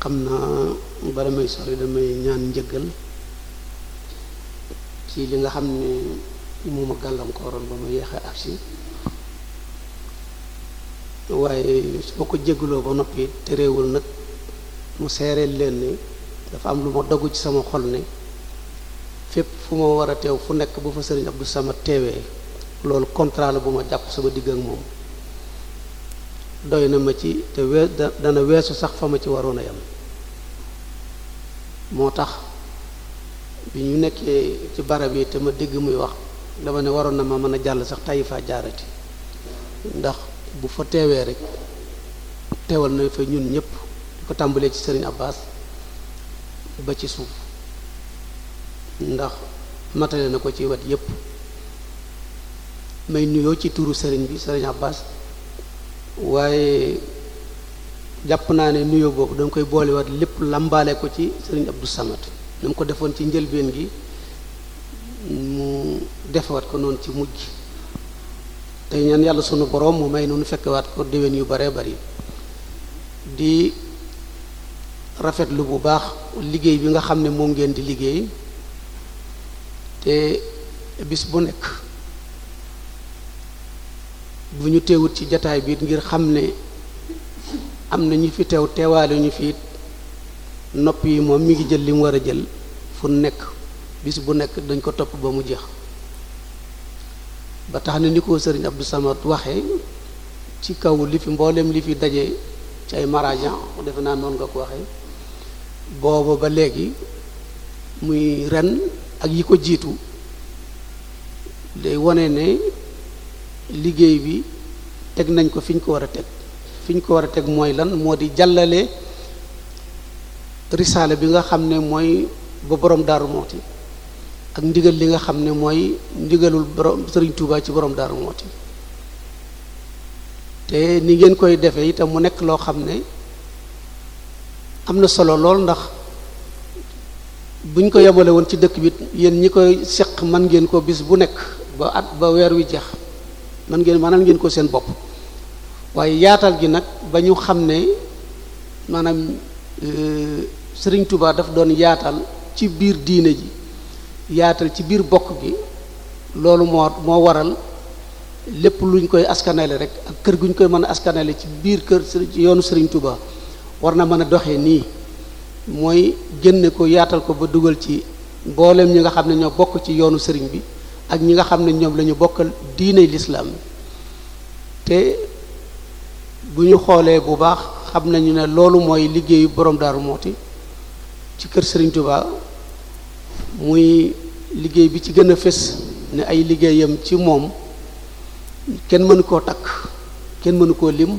xam naa bala may sori damay ñaan njëggal ci li nga xam ne moom a gàllankooroon ba ma yéex a agsi waaye su ma ko jégloo ba noppi terewul nag mu seereel leen ni dafa am lu ma dogu ci sama xol ne fépp fu ma war a teew fu nekk bu fa sëriñ Abdou Samad teewee loolu contrat la bu ma jàpp sama digg ak moom doy na ma ci te wee dana weesu sax fa ma ci waroon a yam moo tax bi ñu nekkee ci barab yi te ma dégg muy wax dama ne waroon na ma mën a jàll sax tàyyi faa jaarati ndax bu fa teewee rek teewal na fa ñun ñëpp di ko tàmbalee ci Serigne Abbas ba ci suuf ndax matale na ko ci wet yépp may nuyoo ci turu sëriñ bi Serigne Abbas waaye jàpp naa ne nuyoo boobu danga koy boolewaat lépp lambaale ko ci Serigne Abdou Samad ñu mu ko defoon ci njëlbeen gi mu defewaat ko noonu ci mujj tey ñaan yàlla sunu borom mu may noonu fekkewaat ko déwén yu bare bari di rafetlu bu baax liggéey bi nga xam ne moom ngeen di liggéey te bis bu nekk bu ñu teewut ci jataay biit ngir xam ne am na ñu fi teew teewaale ñu fi nopp yi moom mi ngi jël li mu war a jël fu nekk bis bu nekk dañ ko topp ba mu jeex ba tax na ni ko sëriñ Abdou Samad waxee ci kaw li fi mbooleem li fi daje ci ay marajan defe naa noonu nga ko waxe booba ba léegi muy ren ak yi ko jiitu day wone ne liggéey bi teg nañ ko fi ñu ko war a teg fi ñu ko war a teg mooy lan moo di jàllale risaale bi nga xam ne mooy ba borom daaru mooti ak ndigal li nga xam ne mooy ndigalul borom sëriñ Touba ci borom daaru mooti te ni ngeen koy defee itam mu nekk loo xam ne am na solo lool ndax buñ ko yemale woon ci dëkk bi yéen ñi koy seq man ngeen ko bis bu nekk ba at ba weer wi jeex man ngeen maanaam ngeen ko seen bopp waaye yaatal gi nag ba ñu xam ne maanaam euh, sëriñ Touba daf doon yaatal ci biir diine ji yaatal ci biir bokk gi loolu moo moo waral lépp luñ koy askanale rek ak kër guñ koy mën a askanale ci biir kër yoonu sëriñ Touba war na mën a doxee nii mooy génne ko yaatal ko ba dugal ci mboolem ñi nga xam ne ñoo bokk ci yoonu sëriñ bi ak ñi nga xam ne ñoom la ñu bokkal diiney lislaam te bu ñu xoolee bu baax xam nañu ne loolu mooy liggéeyu borom Daaru Muxti ci kër sëriñ Touba muy liggéey bi ci gën a fés ne ay liggéeyam ci moom kenn mënu koo takk kenn mënu koo lim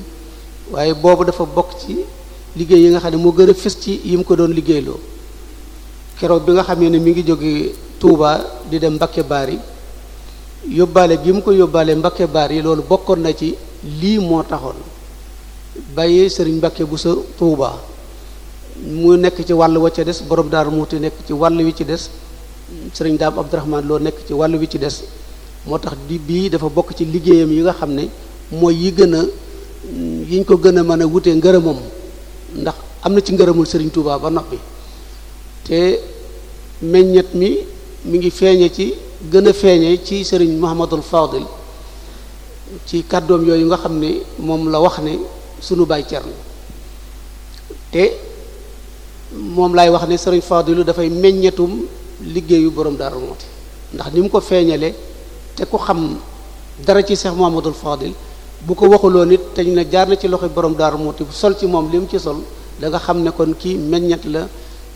waaye boobu dafa bokk ci liggéey yi nga xam ne moo gën a fés ci yi mu ko doon liggéeyloo keroog bi nga xamee ne mi ngi jóge Touba di dem Mbakke Baari yóbbaale bi mu ko yóbbaale Mbakke yi loolu bokkoon na ci lii moo taxoon bàyyee sëriñ Mbakke bu sa Touba. mu nekk ci wàll wa ca des borom daaru muuti nekk ci wàll wi ci des sëriñ daam abdurahmaan loo nekk ci wàll wi ci des moo tax di bii dafa bokk ci liggéeyam yi nga xam ne mooy yi gën a yiñ ko gën a mën a wute ngërëmam ndax am na ci ngërëmul sëriñ Touba ba noppi te meññet mi mi ngi feeñe ci gën a feeñe ci sëriñ Muhammadul Fadil ci kàddoom yooyu nga xam ne moom la wax ne sunu baay Cerno te moom laay wax ne sëriñ Fadilu dafay meññetum liggéeyu borom Darou Moukhty ndax ni mu ko feeñale te ku xam dara ci Cheikh Mouhamadul Fadil bu ko waxuloon it te ñu jaar na ci loxo borom daaru Moukhty bu sol ci moom li mu ci sol da nga xam ne kon kii meññet la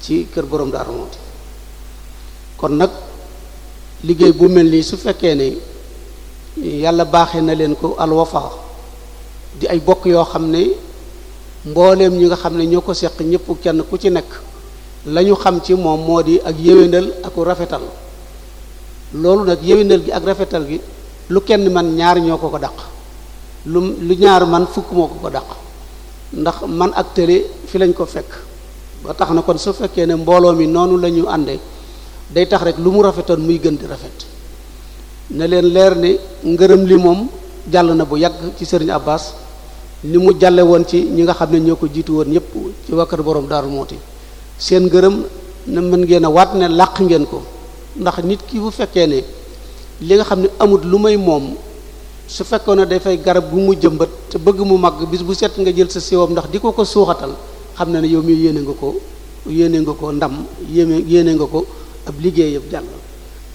ci kër borom Darou Moukhty kon nag liggéey bu mel nii su fekkee ne yàlla baaxe na leen ko alwafa di ay bokk yoo xam ne mbooleem ñi nga xam ne ñoo ko seq ñëpp kenn ku ci nekk la ñu xam ci moom moo di ak yéwénal ak rafetal loolu nag yéwénal gi ak rafetal gi lu kenn man ñaar ñoo ko ko dàq lu ñaar man fukk ko ko dàq ndax man ak tële fi lañ ko fekk ba tax na kon su fekkee ne mbooloo mi noonu la ñu àndee day tax rek lu mu rafetoon muy gën di rafet ne leen leer ne ngërëm li moom jàll na bu yàgg ci sëriñ Abbas ni mu jàlle woon ci ñi nga xam ne ñoo ko jiitu woon ñëpp ci wakkar boroom daaru mooti seen ngërëm na mën ngeen a waat ne làq ngeen ko ndax nit kii bu fekkee ne li nga xam ne amut lu may moom su fekkoon ne day fay garab gu mu jëmbat te bëgg mu màgg bis bu set nga jël sa siwam ndax di ko ko suuxatal xam na ne yow mi yéene nga ko yéene nga ko ndam yéeme yéene nga ko ab liggéey yëpp jàll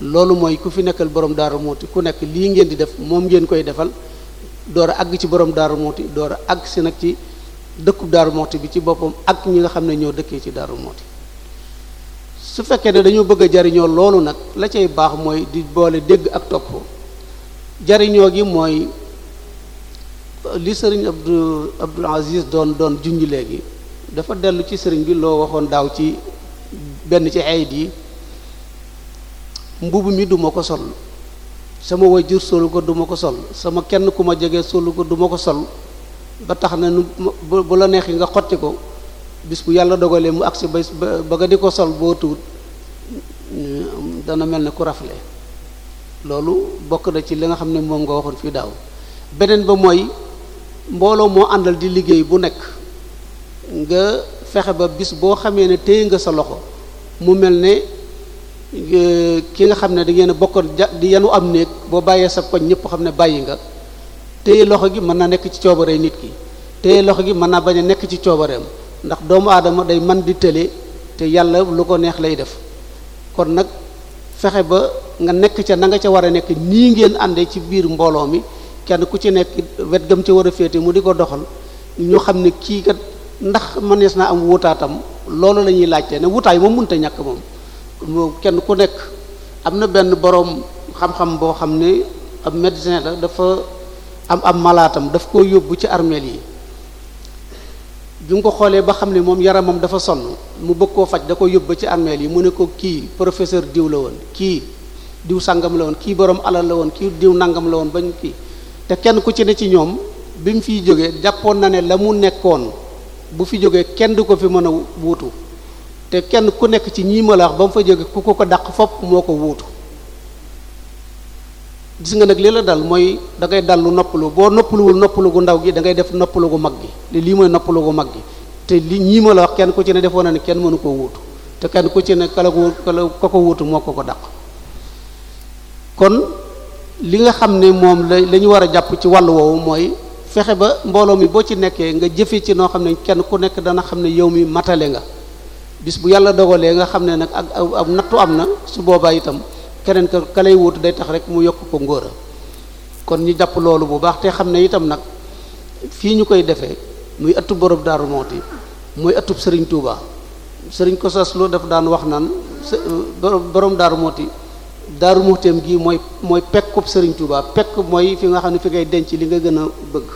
loolu mooy ku fi nekkal borom daaru mooti ku nekk lii ngeen di def moom ngeen koy defal door a àgg ci borom daaru mooti door a àgg si nag ci dëkku daaru mooti bi ci boppam ak ñi nga xam ne ñoo dëkkee ci daaru mooti su fekkee ne dañoo bëgg a jariñoo loolu nag la cay baax mooy di boole dégg ak topp jariñoo gi mooy li sëriñ Abdou Abdul Aziz doon doon junj léegi dafa dellu ci sëriñ bi loo waxoon daaw ci benn ci ayit yi mbubb mi duma ko sol sama jur solu ko duma ko sol sama kenn ku ma jege solu ko duma ko sol ba tax na nu bu la yi nga xotti ko bis bu yàlla dogalee mu agsi ba ba nga di ko sol boo tuut dana mel ne ku rafle loolu bokk na ci li nga xam ne moom nga waxoon fii daaw beneen ba mooy mbooloo moo àndal di liggéey bu nekk nga fexe ba bis boo xamee ne téye nga sa loxo mu mel ne ki nga xam ne da ngeen a bokkoon di yenu am néeg boo bàyyee sa koñ ñëpp xam ne bàyyi nga téye loxo gi mën na nekk ci coobare nit ki téye loxo gi mën naa bañ nekk ci coobareem ndax doomu aadama day man di tële te yàlla lu ko neex lay def kon nag fexe ba nga nekk ca na nga ca war a nekk nii ngeen àndee ci biir mbooloo mi kenn ku ci nekk wet gam ci war a féete mu di ko doxal ñu xam ne kii kat ndax mënees naa am wutaatam loolu la ñuy laajte ne wutaay moom mënta ñàkk moom moo kenn ku nekk am na benn boroom xam-xam boo xam ne am médecin la dafa am am malaatam daf koo yóbbu ci armeel yi bi mu ko xoolee ba xam ne moom yaramam dafa sonn mu bëgg koo faj da ko yóbbu ci armeel yi mu ne ko kii professeur diw la woon kii diw sàngam la woon kii boroom alal la woon kii diw nangam la woon bañ kii te kenn ku ci ne ci ñoom bi mu fi jógee jàppoon na ne la mu nekkoon bu fi jógee kenn du ko fi mën a wuutu te kenn ku nekk ci ñii ma la wax ba mu fa jóge ku ko ko dàq fopp moo ko wuutu gis nga nag li la dal mooy dangay ngay dal lu noppalu boo noppaluwul noppalu gu ndaw gi da ngay def noppalu gu mag gi li lii mooy noppalu gu mag gi te lii ñii ma la wax kenn ku ci ne defoon na ne kenn mënu koo wuutu te kenn ku ci ne kala ko kala ko ko wuutu moo ko ko dàq kon li nga xam ne moom la la war a jàpp ci wàll woowu mooy fexe ba mbooloo mi boo ci nekkee nga jëfe ci noo xam ne kenn ku nekk dana xam ne yow mi matale nga bis bu yàlla dogalee nga xam ne nag ak ab nattu am na su boobaa itam keneen ka ka lay day tax rek mu yokk ko ngóora kon ñu jàpp loolu bu baax te xam ne itam nag fii ñu koy defee muy ëttub borom Daaru mooy muy ëttub Serigne Touba Serigne Kosas Lo daf daan wax naan euh, borom Daaru Muxti Daaru Muxteem gii mooy mooy pekkub sëriñ Touba pekk mooy fi nga xam ne fi ngay denc li nga gën a bëgg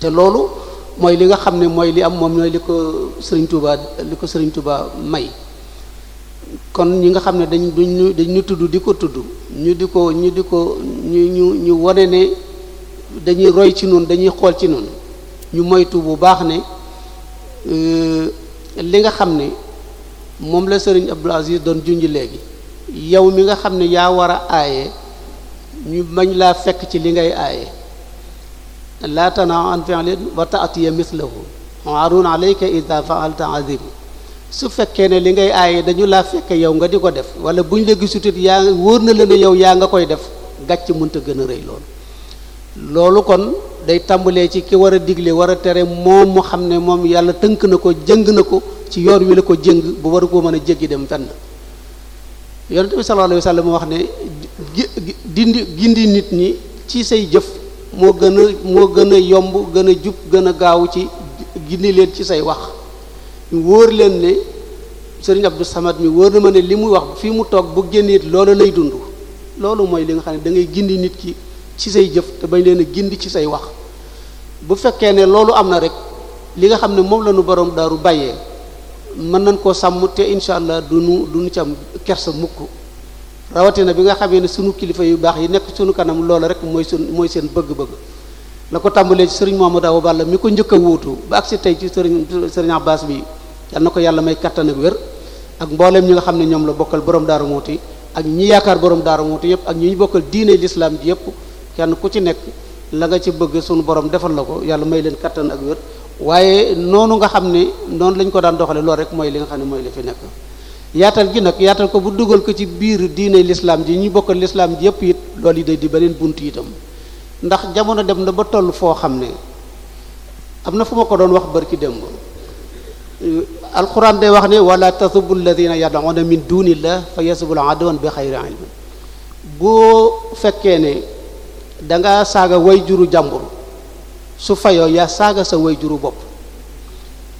te loolu. mooy li nga xam ne mooy li am moom mooy li ko Serigne Touba li ko sëriñ Touba may kon ñi nga xam ne dañ duñ dañ tudd di ko tudd ñu di ko ñu di ko ñu ñu ñu wone ne dañuy roy ci noonu dañuy xool ci noonu ñu moytu bu baax ne euh, li nga xam ne moom la sëriñ Abdou Aziz doon junj léegi yow mi nga xam ne yaa war a aaye ñu mañ laa fekk ci li ngay aaye laa tanha an fi'lin wa ta'tiya mithlahu aarun alayka idha fa'alta azim su fekkee ne li ngay aaye dañu laa fekk yow nga di ko def wala buñ la gisutit yaa wóor na leen ne yow yaa nga koy def gàcc mënta gën a rëy loolu loolu kon day tàmbalee ci ki war a digle war a tere moom mu xam ne moom yàlla tënk na ko jëng na ko ci yoon wi la ko jëng bu war koo mën a jéggi dem fenn yonent bi sallallahu alayhi wa sallam wax ne dindi gindi nit ñi ci say jëf moo gën a moo gën a yomb gën a jub gën a gaaw ci gindi leen ci say wax ñu wóor leen ne sëriñ Abdou Samad mi wóor ma ne li muy wax fii mu toog bu génnee loolu lay dund loolu mooy li nga xam ne dangay gindi nit ki ci say jëf te bañ leen a gindi ci say wax bu fekkee ne loolu am na rek li nga xam ne moom lanu ñu borom daaru bàyyee mën nañ koo sàmm te incha allah du nu du nu ci am kersa mukk rawatina bi nga xamee ne sunu kilifa yu baax yi nekk sunu kanam loola rek mooy sun mooy seen bëgg-bëgg la ko tàmbalee ci sëriñ Mamadou Awa Balla mi ko njëkk a wóotu ba ak si tey ci sëriñ sëriñ Abbas bi yal na ko yàlla may kattan ak ak mbooleem ñi nga xam ne ñoom la bokkal borom Daaru Muuti ak ñi yaakaar borom Daaru Muuti yëpp ak ñi ñu bokkal diine lislaam ji yëpp kenn ku ci nekk la nga ci bëgg sunu borom defal la ko yàlla may leen kattan ak wér waaye noonu nga xam ne noonu lañ ko daan doxale loolu rek mooy li nga xam ne mooy li fi nekk yaatal gi nag yaatal ko bu dugal ko ci biir diina lislaam ji ñu bokkal lislaam ji yëpp it loolu yi di beneen bunt itam ndax jamono dem na ba toll foo xam ne am na fu ma ko doon wax barki dem euh, ko alquran day wax ne wala tasubu alladina yad'una min dunillah fa yasubul adwan bi xayri ilmin boo fekkee ne danga saaga way juru jàmbur su fayoo yaa saaga sa way juru bopp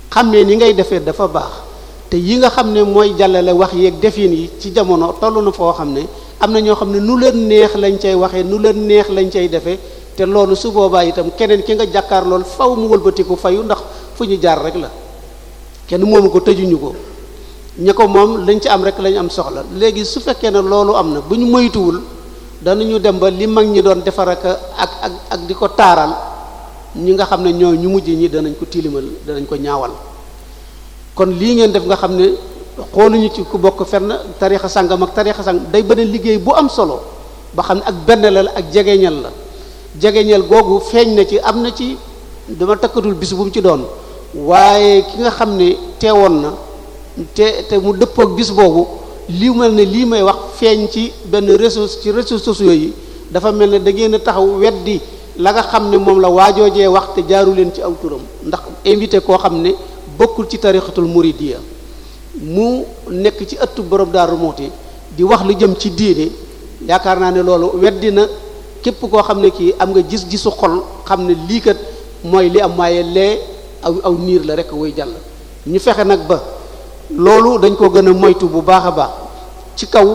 xam ne ni ngay defee dafa baax te yi nga xam ne mooy jàllale wax yeeg defin yi ci jamono toll na foo xam ne am na ñoo xam ne nu leen neex lañ cay waxee nu leen neex lañ cay defee te loolu su boobaa itam keneen ki nga jàkkaar lool faw mu wëlbatiku fayu ndax fu ñu jaar rek la kenn moomu ko tëjuñu ko ña ko moom lañ ci am rek lañ am soxla léegi su fekkee ne loolu am na bu ñu moytuwul danañu dem ba li mag ñi doon defar ak ak ak di ko taaral ñi nga xam ne ñoo ñu mujj ñi danañ ko tilimal danañ ko ñaawal kon lii ngeen def nga xam ne xooluñu ci ku bokk fenn tariixa sàngam ak tariixa sàngam day beneen liggéey bu am solo ba xam ne ak benn la la ak jegeñal la jegeñal googu feeñ na ci am na ci dama takkatul bis bu mu ci doon waaye ki nga xam ne teewoon na te te mu dëppoo bis boobu lii mel ne lii may wax feeñ ci benn réseau ci réseaux sociaux yi dafa mel ne dangeen ngeen a taxaw weddi la nga xam ne moom la waajoojee wax te jaaru leen ci aw turam ndax invité koo xam ne bokkul ci tarixatul muridiya mu nekk ci ëttu borom Daaru Muxti di wax lu jëm ci diine yaakaar naa ne loolu weddi na képp koo xam ne kii am nga gis-gisu xol xam ne lii kat mooy li am waaye lee aw aw niir la rek wuy jàll ñu fexe nag ba loolu dañ koo gën a moytu bu baax a baax ci kaw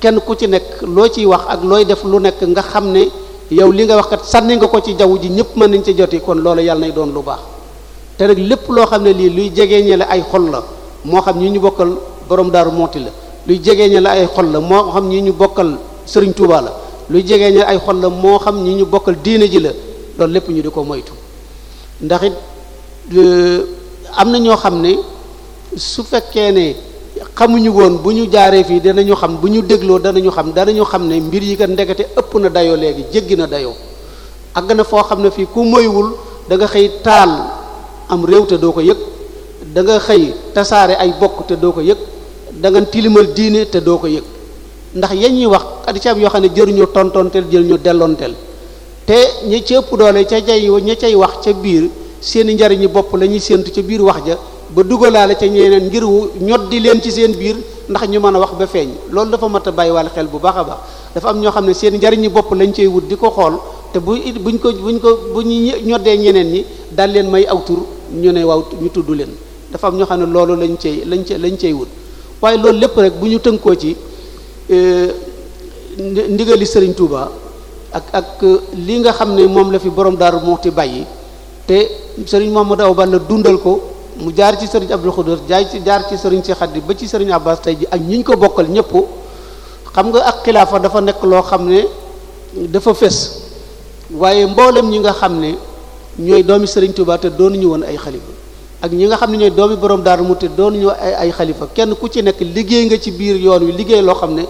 kenn ku ci nekk loo ciy wax ak looy def lu nekk nga xam ne yow li nga wax kat sànni nga ko ci jaww ji ñëpp mën nañ ci joti kon loolu yàlla nay doon lu baax te nag lépp loo xam ne lii luy jegeeñale ay xol la moo xam ñi ñu bokkal borom daaru monti la luy jegeeñale ay xol la moo xam ñi ñu bokkal sëriñ Touba la luy jegeeñale ay xol la moo xam ñi ñu bokkal diine ji la loolu lépp ñu di ko moytu ndax it euh, am na ñoo xam ne su fekkee ne xamuñu woon bu ñu jaaree fii danañu xam bu ñu dégloo danañu xam danañu xam ne mbir yi kat ndekete ëpp na dayoo léegi jéggi na dayoo àgg na foo xam ne fii ku moywul da nga xëy taal am réew te doo ko yëg da nga xëy tasaare ay bokk te doo ko yëg danga nga tilimal diine te doo ko yëg ndax yan ñuy wax adi ci am yoo xam ne jëruñu tontonteel jëruñu delloonteel te ña ci ëpp doole ca jay ña cay wax ca biir seeni njariñu bopp la ñuy séentu ca biir wax ja ba dugalaale ca ñeneen ngir ñoddi leen ci seen biir ndax ñu mën a wax ba feeñ loolu dafa mat a bàyyiwaale xel bu baax a baax dafa am ñoo xam ne seen njariñu bopp lañ cay wut di ko xool te bu buñ ko buñ ko bu ñu ñoddee ñeneen ñi daal leen may aw tur ñu ne waaw ñu tudd leen dafa am ñoo xam ne loolu lañ cey lañ cey lañ cey wut waaye loolu lépp rek bu ñu tënkoo ci e, ndigali sëriñ Touba ak ak li nga xam ne moom la fi borom Daaru Muxti bàyyi te sëriñ ma Mamadou Awa Balla dundal ko mu jaar ci sëriñ Abdou Khoudoss jaay jaar ci Serigne Cheikh Khadi ba ci Serigne Abbas tey ji ak ñi ñu ko bokkal ñëpp xam nga ak xilaafa dafa nekk loo xam ne dafa fés waaye mboolem ñi nga xam ne. ñooy doomi Serigne Touba te doonuñu woon ay xalifa ak ñi nga xam ne ñooy doomi borom Darou Moukhty te doonuñu ay ay xalifa kenn ku ci nekk liggéey nga ci biir yoon wi liggéey loo xam ne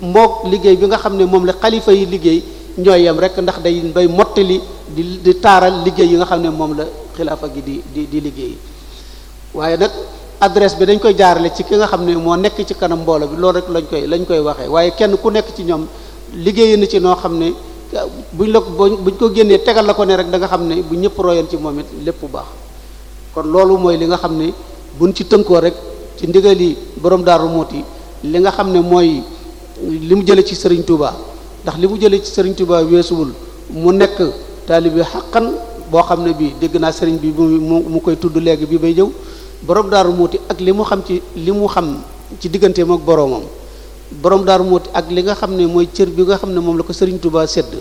mboog liggéey bi nga xam ne moom la xalifa yi liggéey ñooy rek ndax day bay mottali di di taaral liggéey yi nga xam ne moom la xilaafa gi di di di liggéey waaye nag adresse bi dañ koy jaarale ci ki nga xam ne moo nekk ci kanam mbooloo bi loolu rek lañ koy lañ koy waxee waaye kenn ku nekk ci ñoom liggéey na ci noo xam ne. bu ñu la buñ ko génnee tegal la ko ne rek danga xam ne bu ñëpp royaan ci moom it lépp bu baax kon loolu mooy li nga xam ne buñ ci tënkoo rek ci ndigal yi borom daaru yi li nga xam ne mooy li mu jële ci sëriñ Touba ndax li mu jële ci sëriñ Touba weesuwul mu nekk taalibi xaqan boo xam ne bii dégg naa sëriñ bi mu mu koy tudd léegi bi bay jëw borom daaru muuti ak li mu xam ci li mu xam ci digganteem ak boroomam borom daaru muuti ak li nga xam ne mooy cër bi nga xam ne moom la ko sëriñ tubaa sedd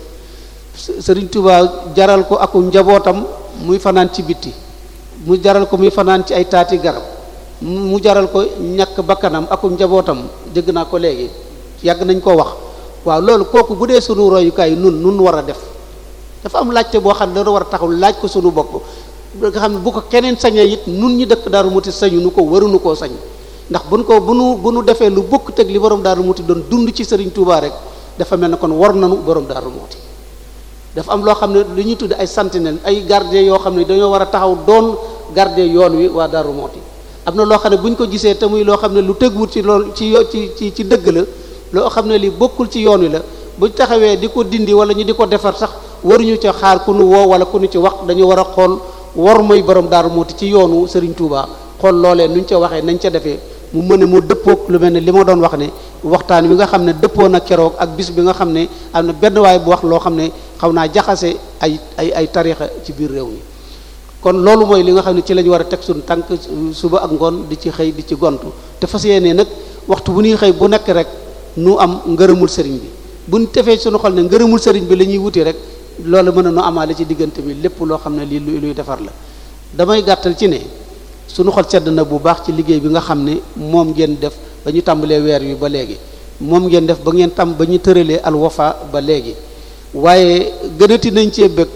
sëriñ tubaa jaral ko aku njabootam muy fanaan ci bitti mu jaral ko muy fanaan ci ay taati garab mu jaral ko ñàkk bakkanam aku njabootam dégg naa ko léegi yàgg nañ ko wax waaw loolu kooku bu dee sunu royukaay nun nun war a def dafa am laajte boo xam ne dañu war a taxul laaj ko sunu bopp nga xam ne bu ko keneen sañee it nun ñi dëkk daaru muuti sañu nu ko waruñu koo sañ ndax buñ ko bu nu bu nu defee lu bokk teg li borom daaru muuti doon dund ci sëriñ Touba rek dafa mel ne kon war nanu borom daaru muuti dafa am loo xam ne lu ñuy tudde ay sentinelle ay gardien yoo xam ne dañoo war a taxaw doon gardien yoon wi waa daaru muuti am na loo xam ne bu ñu ko gisee te muy loo xam ne lu tëgwut ci lool ci ci ci dëgg la loo xam ne li bokkul ci yoon wi la bu taxawee di ko dindi wala ñu di ko defar sax waruñu ca xaar ku nu woo wala ku nu ci wax dañu war a xool war mooy borom daaru mooti ci yoonu sëriñ Touba xool loolee ñu ca waxee nañ ca defee mu mën ne mu dëppoog lu mel ni li ma doon wax ne waxtaan wi nga xam ne dëppoon na keroog ak bis bi nga xam ne am na benn waay bu wax loo xam ne xaw naa jaxase ay ay ay ci biir réew mi kon loolu mooy li nga xam ne ci la ñu war a teg suñu tànk suba ak ngoon di ci xëy di ci gontu te fas yéene nag waxtu bu ñuy xëy bu nekk rek nu am ngërëmul sëriñ bi bu ñu tefee suñu xol ne ngërëmul sëriñ bi la ñuy wuti rek loolu mën na nu amaale ci diggante bi lépp loo xam ne lii luy defar la damay gàttal ci ne sunu xol sedd na bu baax ci liggéey bi nga xam ne moom ngeen def ba ñu tàmbalee weer wi ba léegi moom ngeen def ba ngeen tàmb ba ñu tëralee Al Wafa ba léegi waaye gënati nañ cee bëgg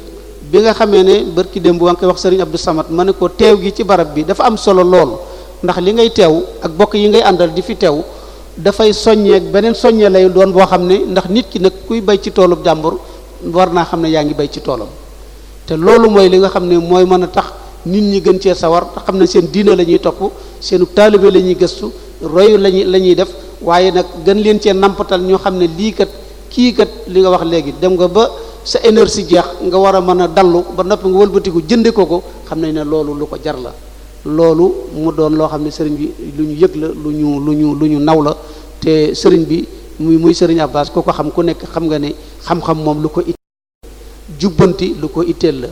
bi nga xamee ne barki démb waa ngi koy wax Serigne Abdou Samad ma ne ko teew gi ci barab bi dafa am solo lool ndax li ngay teew ak bokk yi ngay àndal di fi teew dafay soññeek beneen soññee lay doon boo xam ne ndax nit ki nag kuy bay ci toolub jàmbur war naa xam ne yaa ngi bay ci toolam a tax nit ñi gën cee sawar te xam ne seen diine la ñuy topp seenu taalibe la ñuy gëstu royu lañu la ñuy def waaye nag gën leen cee nampatal ñoo xam ne lii kat kii kat li nga wax léegi dem nga ba sa énergie jeex nga war a mën a dallu ba noppi nga wëlbatiku jënde ko ko xam nañ ne loolu lu ko jar la loolu mu doon loo xam ne sëriñ bi lu ñu yëg la lu ñu lu ñu lu ñu naw la te sëriñ bi muy muy sëriñ Abbas ku ko xam ku nekk xam nga ne xam-xam moom lu ko itteel jubbanti lu ko iteel la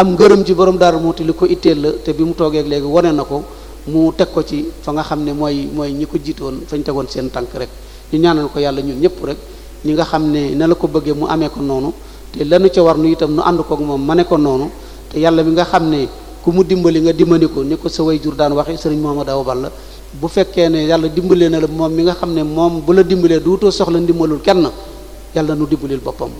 am ngërëm ci borom Daaru Muxti li ko itteel la te bi mu toogeeg léegi wane na ko mu teg ko ci fa nga xam ne mooy mooy ñi ko jiitoon fañ tegoon seen tànk rek ñu ñaanal ko yàlla ñun ñëpp rek ñi nga xam ne na la ko bëggee mu amee ko noonu te lanu ca war nu itam nu ànd kook moom ma ne ko noonu te yàlla mi nga xam ne ku mu dimbali nga dimbali ko ni ko sa way jur daan waxee waxe sëriñ Mohamed bal la bu fekkee ne yàlla dimbalee na la moom mi nga xam ne moom bu la dimbalee duutoo soxla ndimbalul kenn yàlla nu dimbalil boppam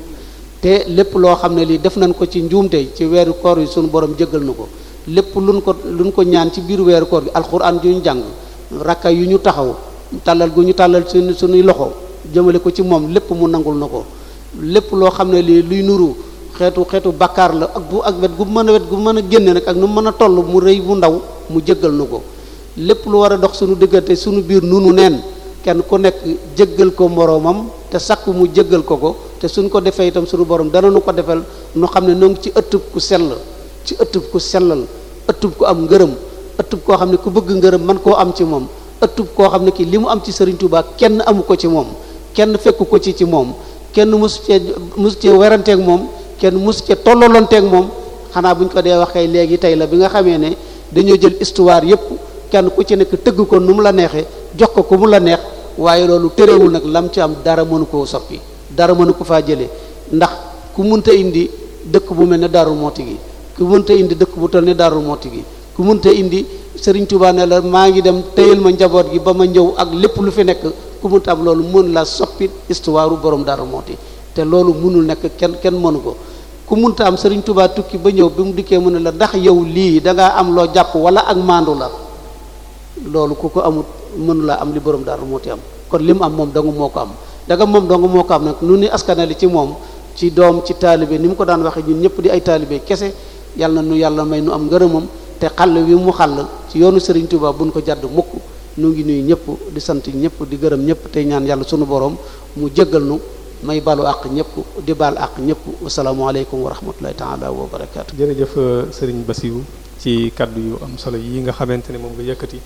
te lépp loo xam ne lii def nañ ko ci njuumte ci weeru koor yi sunu borom jéggal na ko lépp luñ ko luñ ko ñaan ci biir weeru koor gi alxuraan ju ñu jàng rakka yu ñu taxaw tàllal gu ñu tàllal suñu sunuy loxo jëmale ko ci moom lépp mu nangul na ko lépp loo xam ne lii luy nuru xeetu xeetu bakkaar la ak bu ak wet gu mën a wet gu mën a génne nag ak nu mën a toll mu rëy bu ndaw mu jëggal na ko lépp lu war a dox suñu diggante suñu biir nunu neen kenn ku nekk jéggal ko moroomam te sakku mu jéggal ko ko te suñ ko defee itam suñu borom dana nu ko defal nu xam ne noo ngi ci ëttub ku sell ci ëttub ku sellal ëttub ku am ngërëm ëttub koo xam ne ku bëgg ngërëm man koo am ci moom ëttub koo xam ne kii li mu am ci Serigne Touba kenn amu ko ci moom kenn fekku ko ci ci moom kenn mus cee mus cee weranteeg moom kenn mus cee tollolonteeg moom xanaa buñ ko dee waxee léegi tey la bi nga xamee ne dañoo jël histoire yépp kenn ku ci nekk tëgg ko nu mu la neexee jox ko ku mu la neex waaye loolu tërewul nag lam ci am dara mënu koo soppi dara mën mënu ko faa jëlee ndax ku munta indi dëkk bu mel ne Daaru Mooti gi ku munta indi dëkk bu toll ne Daaru Mooti gi ku munta indi Sëriñ Tuubaa ne la maa ngi dem téyal ma njaboot gi ba ma ñëw ak lépp lu fi nekk ku munta am loolu mën la soppi histoire borom Daaru Mooti te loolu munul nekk kenn kenn mënu ko ku munta am Sëriñ Tuubaa tukki ba ñëw bi mu dikkee mën ne la ndax yow lii dangaa am loo jàpp wala ak maandu la loolu ku ko amut mënula am li borom Daaru Mooti am kon li mu am moom moo ko am daga moom dong moo ko am nag nu ni askanali ci moom ci doom ci taalibe ni mu ko daan waxee ñun ñëpp di ay taalibe kese yàlla na nu yàlla may nu am ngërëmam te xàll wi mu xàll ci yoonu Serigne bu buñ ko jàdd mukk nu ngi nuyu ñëpp di sant ñëpp di gërëm ñëpp tey ñaan yàlla sunu borom mu jëggal nu may balu àq ñëpp di baal àq ñëpp wasalaamualeykum wa rahmatulahi taala wa barakaatu. jëf euh, Serigne Bassirou ci kaddu yu am solo yi nga xamante ne moom nga yëkkati.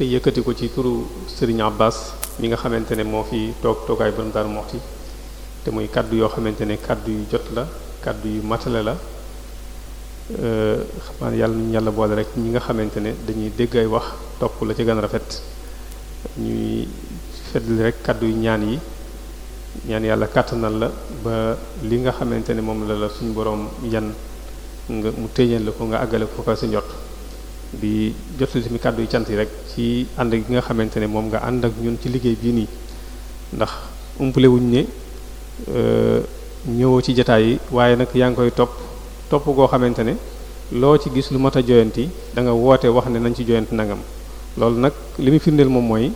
te yëkkati ko ci turu Serigne Abbas ñi nga xamante ne moo fi toog toogaay borom Darou Moukhty te muy kàddu yoo xamante ne kaddu yu jot la kàddu yu matale la xamaan yàlla nañu boole rek ñi nga xamante ne dañuy dégg ay wax topp la ci gën a rafet ñuy fedli rek kàddu yu ñaan yi ñaan yàlla kàttanal la ba li nga xamante ne moom la la suñu borom yan nga mu téeñal la ko nga àggale ko fa si njot di jot suñu kàddu yi cant yi rek ci ànd gi nga xamante ne moom nga ànd ak ñun ci liggéey bii nii ndax umpale wuñ ne euh, ñëwoo ci jataay yi waaye nag yaa ngi koy topp topp goo xamante ne loo ci gis lu mat a joyanti da nga woote wax ne nañ ci joyanti nangam loolu nag li muy firndeel moom mooy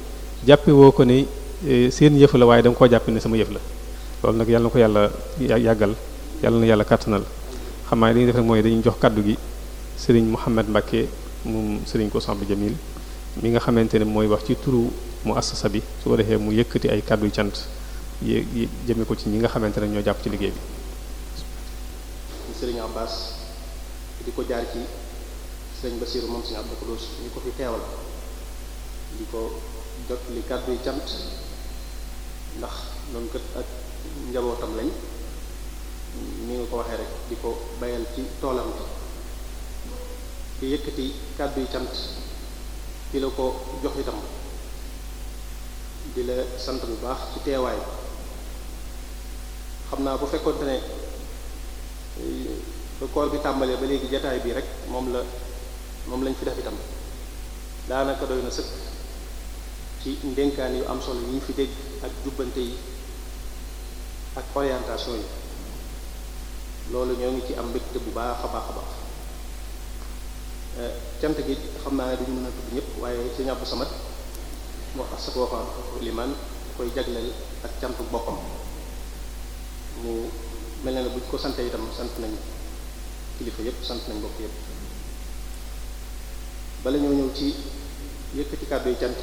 jàppe woo ko ne euh, seen yëf la waaye da nga koo jàppe ne sama yëf la loolu nag yàlla na ko yàlla yàggal yàlla na yàlla kàttanal xamaa naa li ñuy def rek mooy dañuy jox kàddu gi Serigne Mouhamed moom sëriñ ko Samb Jamil mi nga xamante ne mooy wax ci turu mu assasa bi su ko defee mu yëkkati ay kàddu cant yé jëme ko ci ñi nga xamante ne ñoo jàpp ci liggéey bi. sëriñ Abbas di ko jaar ci sëriñ Basiru moom sëriñ Abdou Khoudoss ñu ko fi teewal di ko jot li kàddu cant ndax noonu kat ak njabootam lañ ni nga ko waxee rek di ko bayal ci toolam bi ki yëkkati kàddu yi cant ki la ko jox itam di la sant bu baax ci teewaay xam naa bu fekkoonte ne ba koor bi tàmbalee ba léegi jataay bii rek moom la moom lañ fi def itam daanaka doy na sëkk ci ndénkaan yu am solo yi ñu fi dégg ak jubbante yi ak orientation yi loolu ñoo ngi ci am mbégte bu baax a baax a baax Eh, cant gi xam naa ne duñu mën a tudd ñëpp waaye sëñ Abdou Samad moo tax sa kooka limaan koy jagleel ak cantu boppam mu mel na ne buñ ko sante itam sant nañ kilifa yëpp sant nañ bokk yëpp bala ñoo ñëw ci yëkkati kàddu yi cant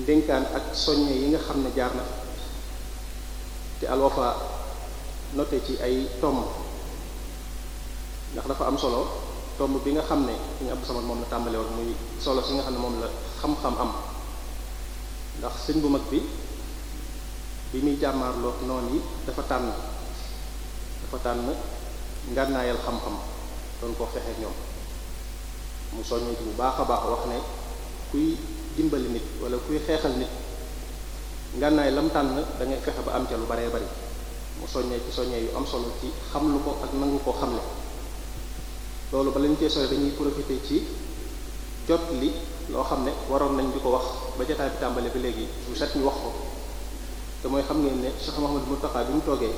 ndénkaan ak soññe yi nga xam ne jaar na te Al Wafa ci ay tomb ndax dafa am solo tomb bi nga xam ne suñu Abdou Samad moom la tàmbale woon muy solo si nga xam ne moom la xam-xam am ndax sëñ bu mag bi nuy muy lool noon yi dafa tànn dafa tànn ngànnaayal xam-xam doon koo fexe ñoom mu soññu bu baax a baax wax ne kuy dimbali nit wala kuy xeexal nit ngànnaay lam tànn da fexe ba am ca lu baree bari mu soññee ci soññee yu am solo ci xam lu ko ak nangu ko xam ne loolu ba lañ cee sore dañuy profité ci jot li loo xam ne waroon nañ di ko wax ba jotaay bi tàmbale ba léegi bu set ñu wax ko te mooy xam ngeen ne Cheikh Mouhamadou Mountakha bi mu toogee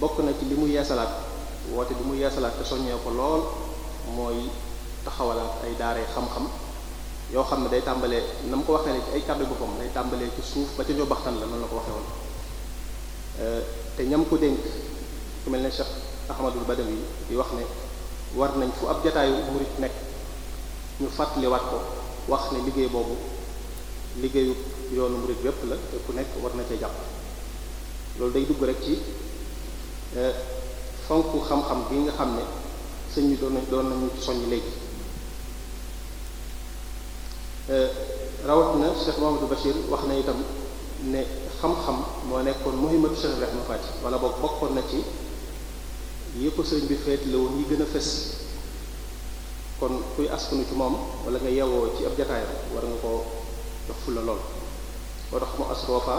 bokk na ci li mu yeesalaat woote bi mu yeesalaat te soññee lool mooy taxawalaat ay daaree xam yoo xam ne day tàmbalee na mu ko waxee ne ci ay kàddu boppam day tàmbalee ci suuf ba ca njobaxtan la noonu la ko waxee woon euh, ñam ko dénk mel ne Cheikh Ahmadul Badawi di wax ne war nañ fu ab jataayu murit nekk ñu fàttaliwaat ko wax ne liggéey boobu liggéeyu yoonu murit bépp la te ku nekk war na cee jàpp loolu day dugg rek ci e, fonk xam-xam bi nga xam ne sëñ bi doon nañ doon nañu soññ léegi e, rawatina Cheikh Mamadou Bachir wax na itam ne xam-xam moo nekkoon muhimmatu Cheikh Ibrahima Fati wala boog bokkoon na ci yi ko bi feet la woon yi gën a fës kon kuy askanu ci moom wala nga yewoo ci ab jataayam war nga ko jox fulla lool boo tax mu asroofa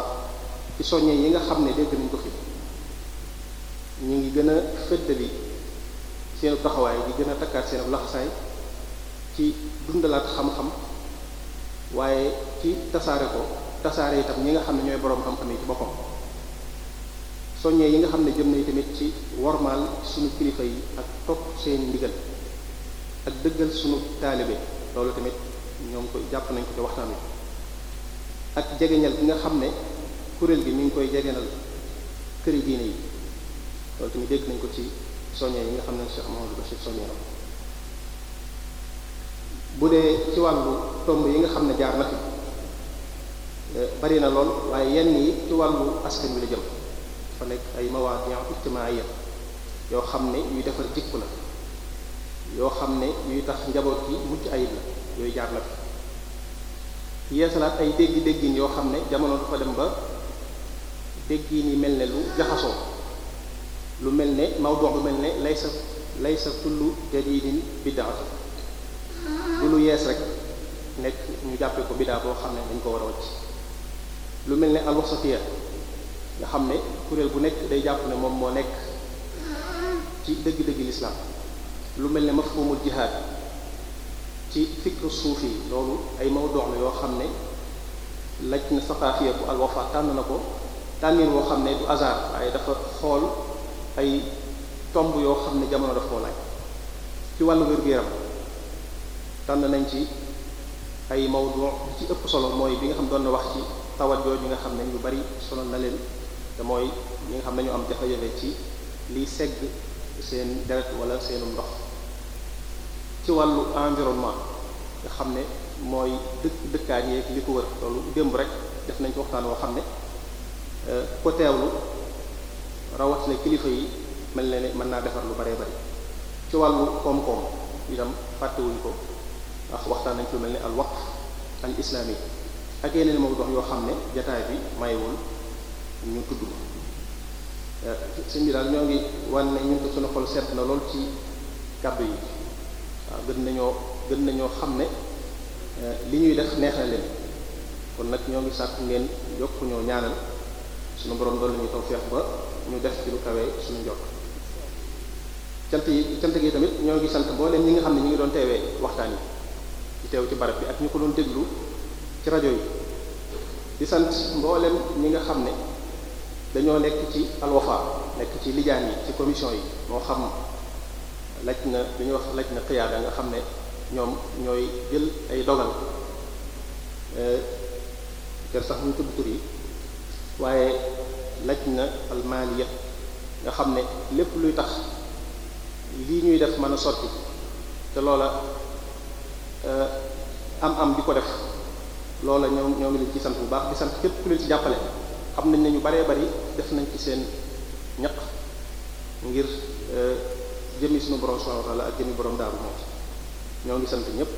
ci soññee yi nga xam ne dégg nañ ko fi ñu ngi gën a feddali seen taxawaay di gën a takkaat seen ab laxasaay ci dundalaat xam-xam waaye ci tasaare ko tasaare itam ñi nga xam ne ñooy boroom xam-xam yi ci boppam soññee yi nga xam ne jëm nañ tamit ci wormaal suñu kilifa yi ak topp seen ndigal ak dëggal suñu taalibe loolu tamit ñoo ngi koy jàpp nañ ko ci waxtaan wi ak jegeñal bi nga xam ne kuréel gi ñu ngi koy jegeñal këri diine yi loolu tamit dégg nañ ko ci soññee yi nga xam ne Cheikh Mahamadou Bachir soññee na bu dee ci wàllu tomb yi nga xam ne jaar na fi eh, bari na lool waaye yenn yi ci wàllu askan wi la jëm dafa nekk ay mawaadiyan ijtimaaya yoo xam ne yuy defar jikko la yoo xam ne yuy tax njaboot gi mucc ayib la yooyu jaar la fi yeesalaat ay dégg-déggin yoo xam ne jamono dafa dem ba déggin yi mel ne lu jaxasoo lu mel ne mawduu bu mel ne laysa laysa kullu jadidin biddaatu du lu yees rek nekk ñu jàppee ko biddaa boo xam ne dañ ko war a wàcc lu mel ne alwasafiya nga xam ne kuréel bu nekk day jàpp ne moom moo nekk ci dëgg-dëgg lislaam lu mel ne mafhumul jihaad ci fikru suufi loolu ay mawdoox la yoo xam ne laj na saqaafiya bu alwafa tànn na ko tànnin woo xam ne du hasard waaye dafa ay tomb yoo xam ne jamono daf koo laaj ci wàllu wér nañ ci ay mawdu ci ëpp solo mooy bi nga xam doon na wax ci tawat jooju nga xam ne ñu bari solo na leen te mooy ñi nga xam ne ñu am jafe-jafe ci liy segg seen deret wala seenum ndox ci wàllu environnement nga xam ne mooy dëkk dëkkaan yeeg li ko wër loolu démb rek def nañ ci waxtaan woo xam ne euh, ko teewlu rawatina kilifa yi mel na ne mën naa defar lu baree bari ci wàllu koom-koom itam fàttewuñ ko ndax waxtaan nañ ci lu mel ne al waqf al islami ak yeneen moo dox yoo xam ne jataay bi mayewul ñu tudd ko eh, sëñ bi daal ñoo ngi wan ne ñun ko suñu xol seet na lool ci kàddu yi waaw gën nañoo gën nañoo xam ne eh, li ñuy def neex na kon nag ñoo ngi sàkku ngeen yokk ñoo ñaanal suñu borom doon la ñuy tawfeex ba ñu def ci kawee suñu njot cant yi cant gi tamit ñoo ngi sant mbooleem ñi nga xam ne ñu ngi doon teewee waxtaan yi ci teew ci barab bi ak ñu ko doon déglu ci rajo yi di sant mbooleem ñi nga xam ne dañoo nekk ci alwafa nekk ci lijaan yi ci commission yi moo xam laj na li wax laj na xiyaada nga xam ne ñoom ñooy jël ay dogal eh, kër sax ñu tudd tur yi waaye laj na almaaliya nga xam ne lépp luy tax lii ñuy def mën a sotti te loola eh, am am di ko def loola ñoom ñoo ngi ci sant bu baax di sant képp ku leen ci jàppale xam nañ ne ñu baree bari def nañ ci seen ñaq ngir euh, jëmi suñu borom subhanahu wa taala ak jëmi borom daaru ñoo ngi sant ñëpp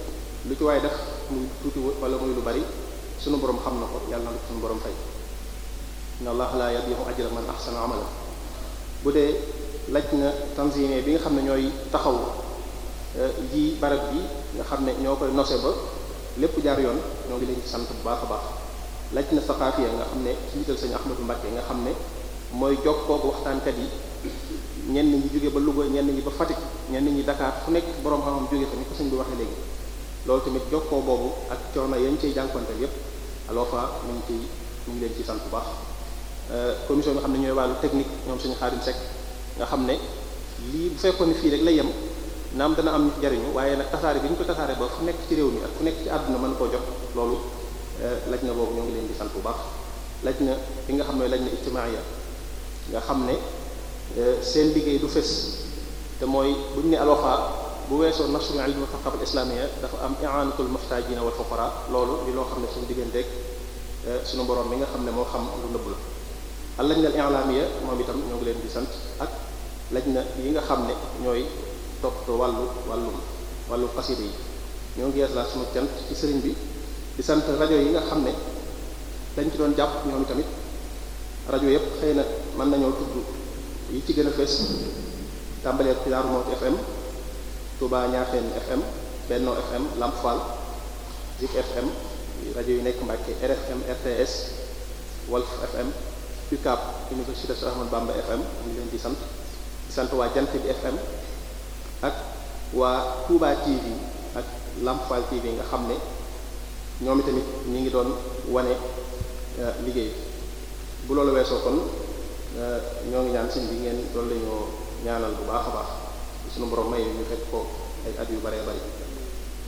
lu ci waaye def muy tuuti wala muy lu bari sunu borom xam na ko yàlla na ko sunu borom fay inna allaha la yadihu ajra man ahsana amala bu dee laaj na tanzime bi nga xam ne ñooy taxaw ji euh, barab bi nga xam ne ñoo koy nose ba lépp jaar yoon ñoo ngi leen sant bu baax a baax laj na saxaafiya nga xam ne ci njiital sëñ Ahmadou Mbacke nga xam ne mooy jokkoo waxtaankat yi ñenn ñi jóge ba Louga ñenn ñi ba Fatick ñenn ñi Dakar fu nekk borom xam-xam jóge fa ni ko sëñ waxee léegi loolu tamit jokkoo boobu ak coono yañ cay jànkuwanteel yépp Alwafa ñu ngi ciy ñu ngi leen ciy sant bu baax euh, commission bi xam ne ñooy wàll technique ñoom suñu Xaadim Seck nga xam ne lii bu fekkoon fii rek la yem naam dana am jariñu waaye nag tasaare bi ñu ko takaare ba fu nekk ci réew mi ak fu nekk ci àdduna mën koo jot loolu laj na boobu ñoo ngi leen di sant bu baax laj na bi nga xam ne laj na ijtimaaya nga xam ne euh, seen liggéey du fés te mooy bu ñu ne alofa bu weesoo nasrul ilmi wal thaqafa al islamiyya dafa am i'anatul muhtajina wal fuqara loolu di loo xam ne suñu digganteeg euh, suñu boroom bi nga xam ne moo xam lu nëbb la al laj na al i'lamiyya moom itam ñoo ngi leen di sant ak laj na yi nga xam ne ñooy toppatoo wàllu wàllum wàllu xasida yi ñoo ngi yees laa suñu cant ci sëriñ bi di sant rajo yi nga xam ne dañ ci doon jàpp ñoom tamit rajo yëpp xëy na mën nañoo tudd yi ci gën a fës tàmbalee ci Darou Moukhty FM Touba Niakhène FM Benno FM Lamp Fall FM rajo yi nekk Mbàkke RFM RTS Walf FM UCAB Université Cheikh Ahmadou Bamba FM ñu leen di sant di sant waa Jant bi FM ak waa Touba TV ak Lamp TV nga xam ne ñoom itamit ñi ngi doon wane euh, liggéey bu loolu weesoo kon euh, ñoo ngi ñaan sin bi ngeen doon lañoo ñaanal bu baax a baax suñu borom may ñu fekk ko ay at yu baree bari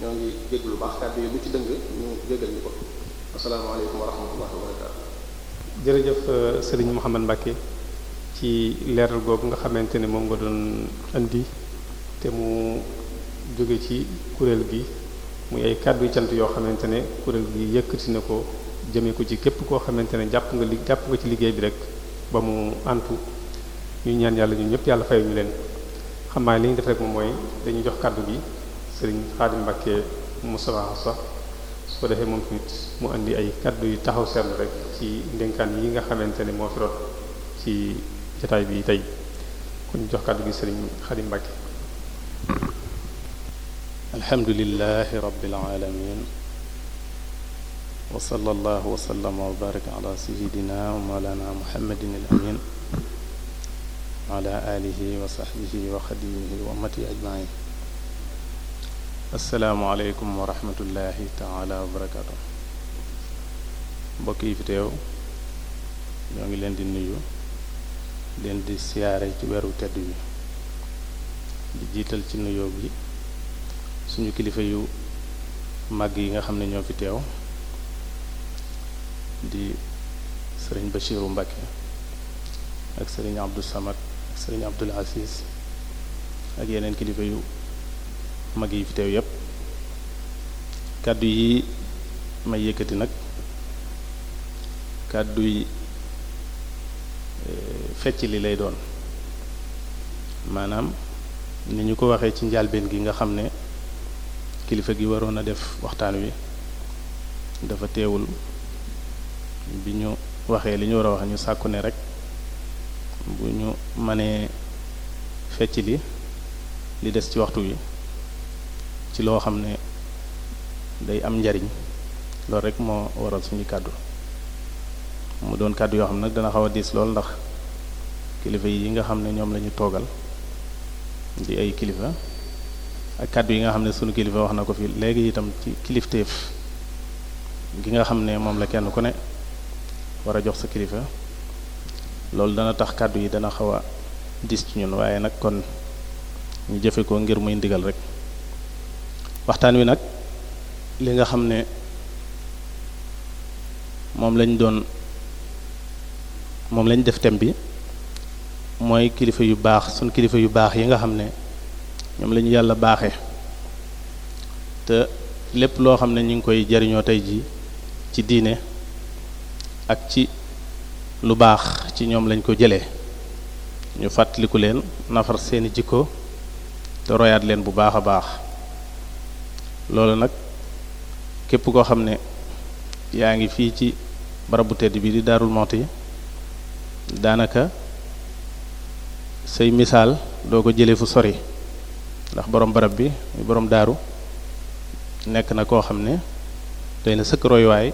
ñoo ngi jégg lu baax kàddu yi lu ci dëng ñu jéggal ñu ko asalaamaaleykum wa rahmatullahi wa barakatu jërëjëf euh, sëriñ Mouhamed Mbacke ci leeral googu nga xamante ne moom nga doon andi te mu jóge ci kuréel gi muy ay kàddu cant yoo xamante ne kuréel gi yëkkati na ko jëmee ko ci képp koo xamante ne jàpp nga li jàpp nga ci liggéey bi rek ba mu àntu ñu ñaan yàlla ñu ñëpp yàlla fayu ñu leen xam naa li ñu def rek moom mooy dañuy jox kàddu gi sëriñ Xaadim Mbàkke Moussa sax su ko defee moom tamit mu indi ay kàddu yu taxaw seetlu rek ci ndénkaan yi nga xamante ne moo fi rot ci jotaay bi tey kon jox kàddu gi sëriñ Xaadim Mbàkke alhamdulilahi rabbil alamin wa sallallahu wa sallama wa baraka ala sayidina wa mawlana muhammadin al amin wa ala alihi wa taala wa barakaatu fi teew ñoo ngi leen di nuyu leen di siyaare ci weeru tedd wi di jiital ci nuyoo bi suñu kilifa yu màgg yi nga xam ne ñoo fi teew di sëriñ Bachiru Mbacke ak sëriñ Abdou Samad ak sëriñ Abdul Aziz ak yeneen kilifa yu mag yi fi teew yépp kàddu yi may yëkkati nag kàddu yi e, fecc li lay doon maanaam ni ñu ko waxee ci njàlbeen gi nga xam ne kilifa gi waroon a def waxtaan wi dafa teewul bi ñu waxee li ñu war a wax ñu sàkku ne rek bu ñu mënee fecc li li des ci waxtu wi ci loo xam ne day am njariñ loolu rek moo waral suñu kàddu mu doon kàddu yoo xam nag dana xaw a diis lool ndax kilifa yi nga xam ne ñoom la ñu toogal di ay kilifa ak kàddu yi nga xam ne sunu kilifa wax na ko fi léegi itam ci kilifteef gi nga xam ne moom la kenn ku ne war a jox sa kilifa loolu dana tax kàddu yi dana xaw a dis ci waaye nag kon ñu jëfe ko ngir muy rek waxtaan wi nag li nga xam ne moom lañ doon moom lañ def thème bi mooy kilifa yu baax sunu kilifa yu baax yi nga xam ne ñoom lañu ñu yàlla baaxe te lépp loo xam ne ñu ngi koy jariñoo tey ji ci diine ak ci lu baax ci ñoom lañ ko jëlee ñu fàttaliku leen nafar seeni jikko te royaat leen bu baax a baax loolu nag képp koo xam ne yaa ngi fii ci barabu tedd bi di Daarul Muxti daanaka say misaal doo ko jëlee fu sori ndax borom barab bi borom daaru nekk na koo xam ne doy na sëkk royuwaay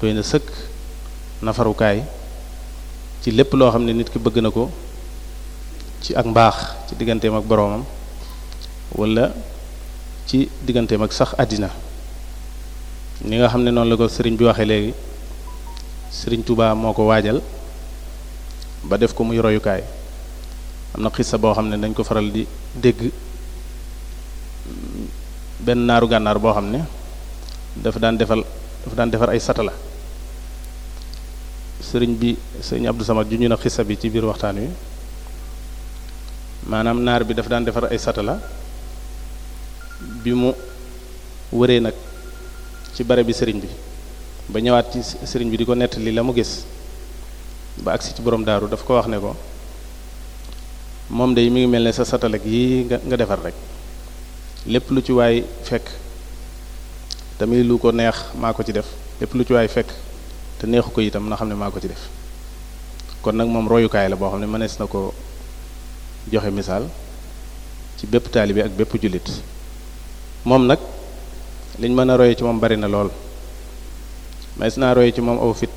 doy na sëkk nafarukaay ci lépp loo xam ne nit ki bëgg na ko ci ak mbaax ci digganteem ak boroomam wala ci digganteem ak sax àddina ni nga xam ne noonu la ko sëriñ bi waxee léegi sëriñ Touba moo ko waajal ba def ko muy royukaay am na xissa boo xam ne dañ ko faral di dégg benn naaru gànnaar boo xam ne dafa daan defal dafa daan defar ay satala sëriñ bi sëriñ Abdou Samad ju ñu na xisa bi ci biir waxtaan wi maanaam naar bi dafa daan defar ay satala bi mu wëree nag ci bare bi sëriñ bi ba ñëwaat ci sëriñ bi di ko nettali la mu gis ba agsi ci borom daaru daf ko wax ne ko moom de mi ngi mel ne sa satala yi nga nga defar rek lépp lu ci waay fekk tamit lu ko neex maa ko ci def lépp lu ci waay fekk te neexu ko itam na xam ne maa ko ci def kon nag moom royukaay la boo xam ne mënees na ko joxe misaal ci bépp taalibe ak bépp jullit moom nag liñ mën a roye ci moom bari na lool mais naa roye ci moom aw fit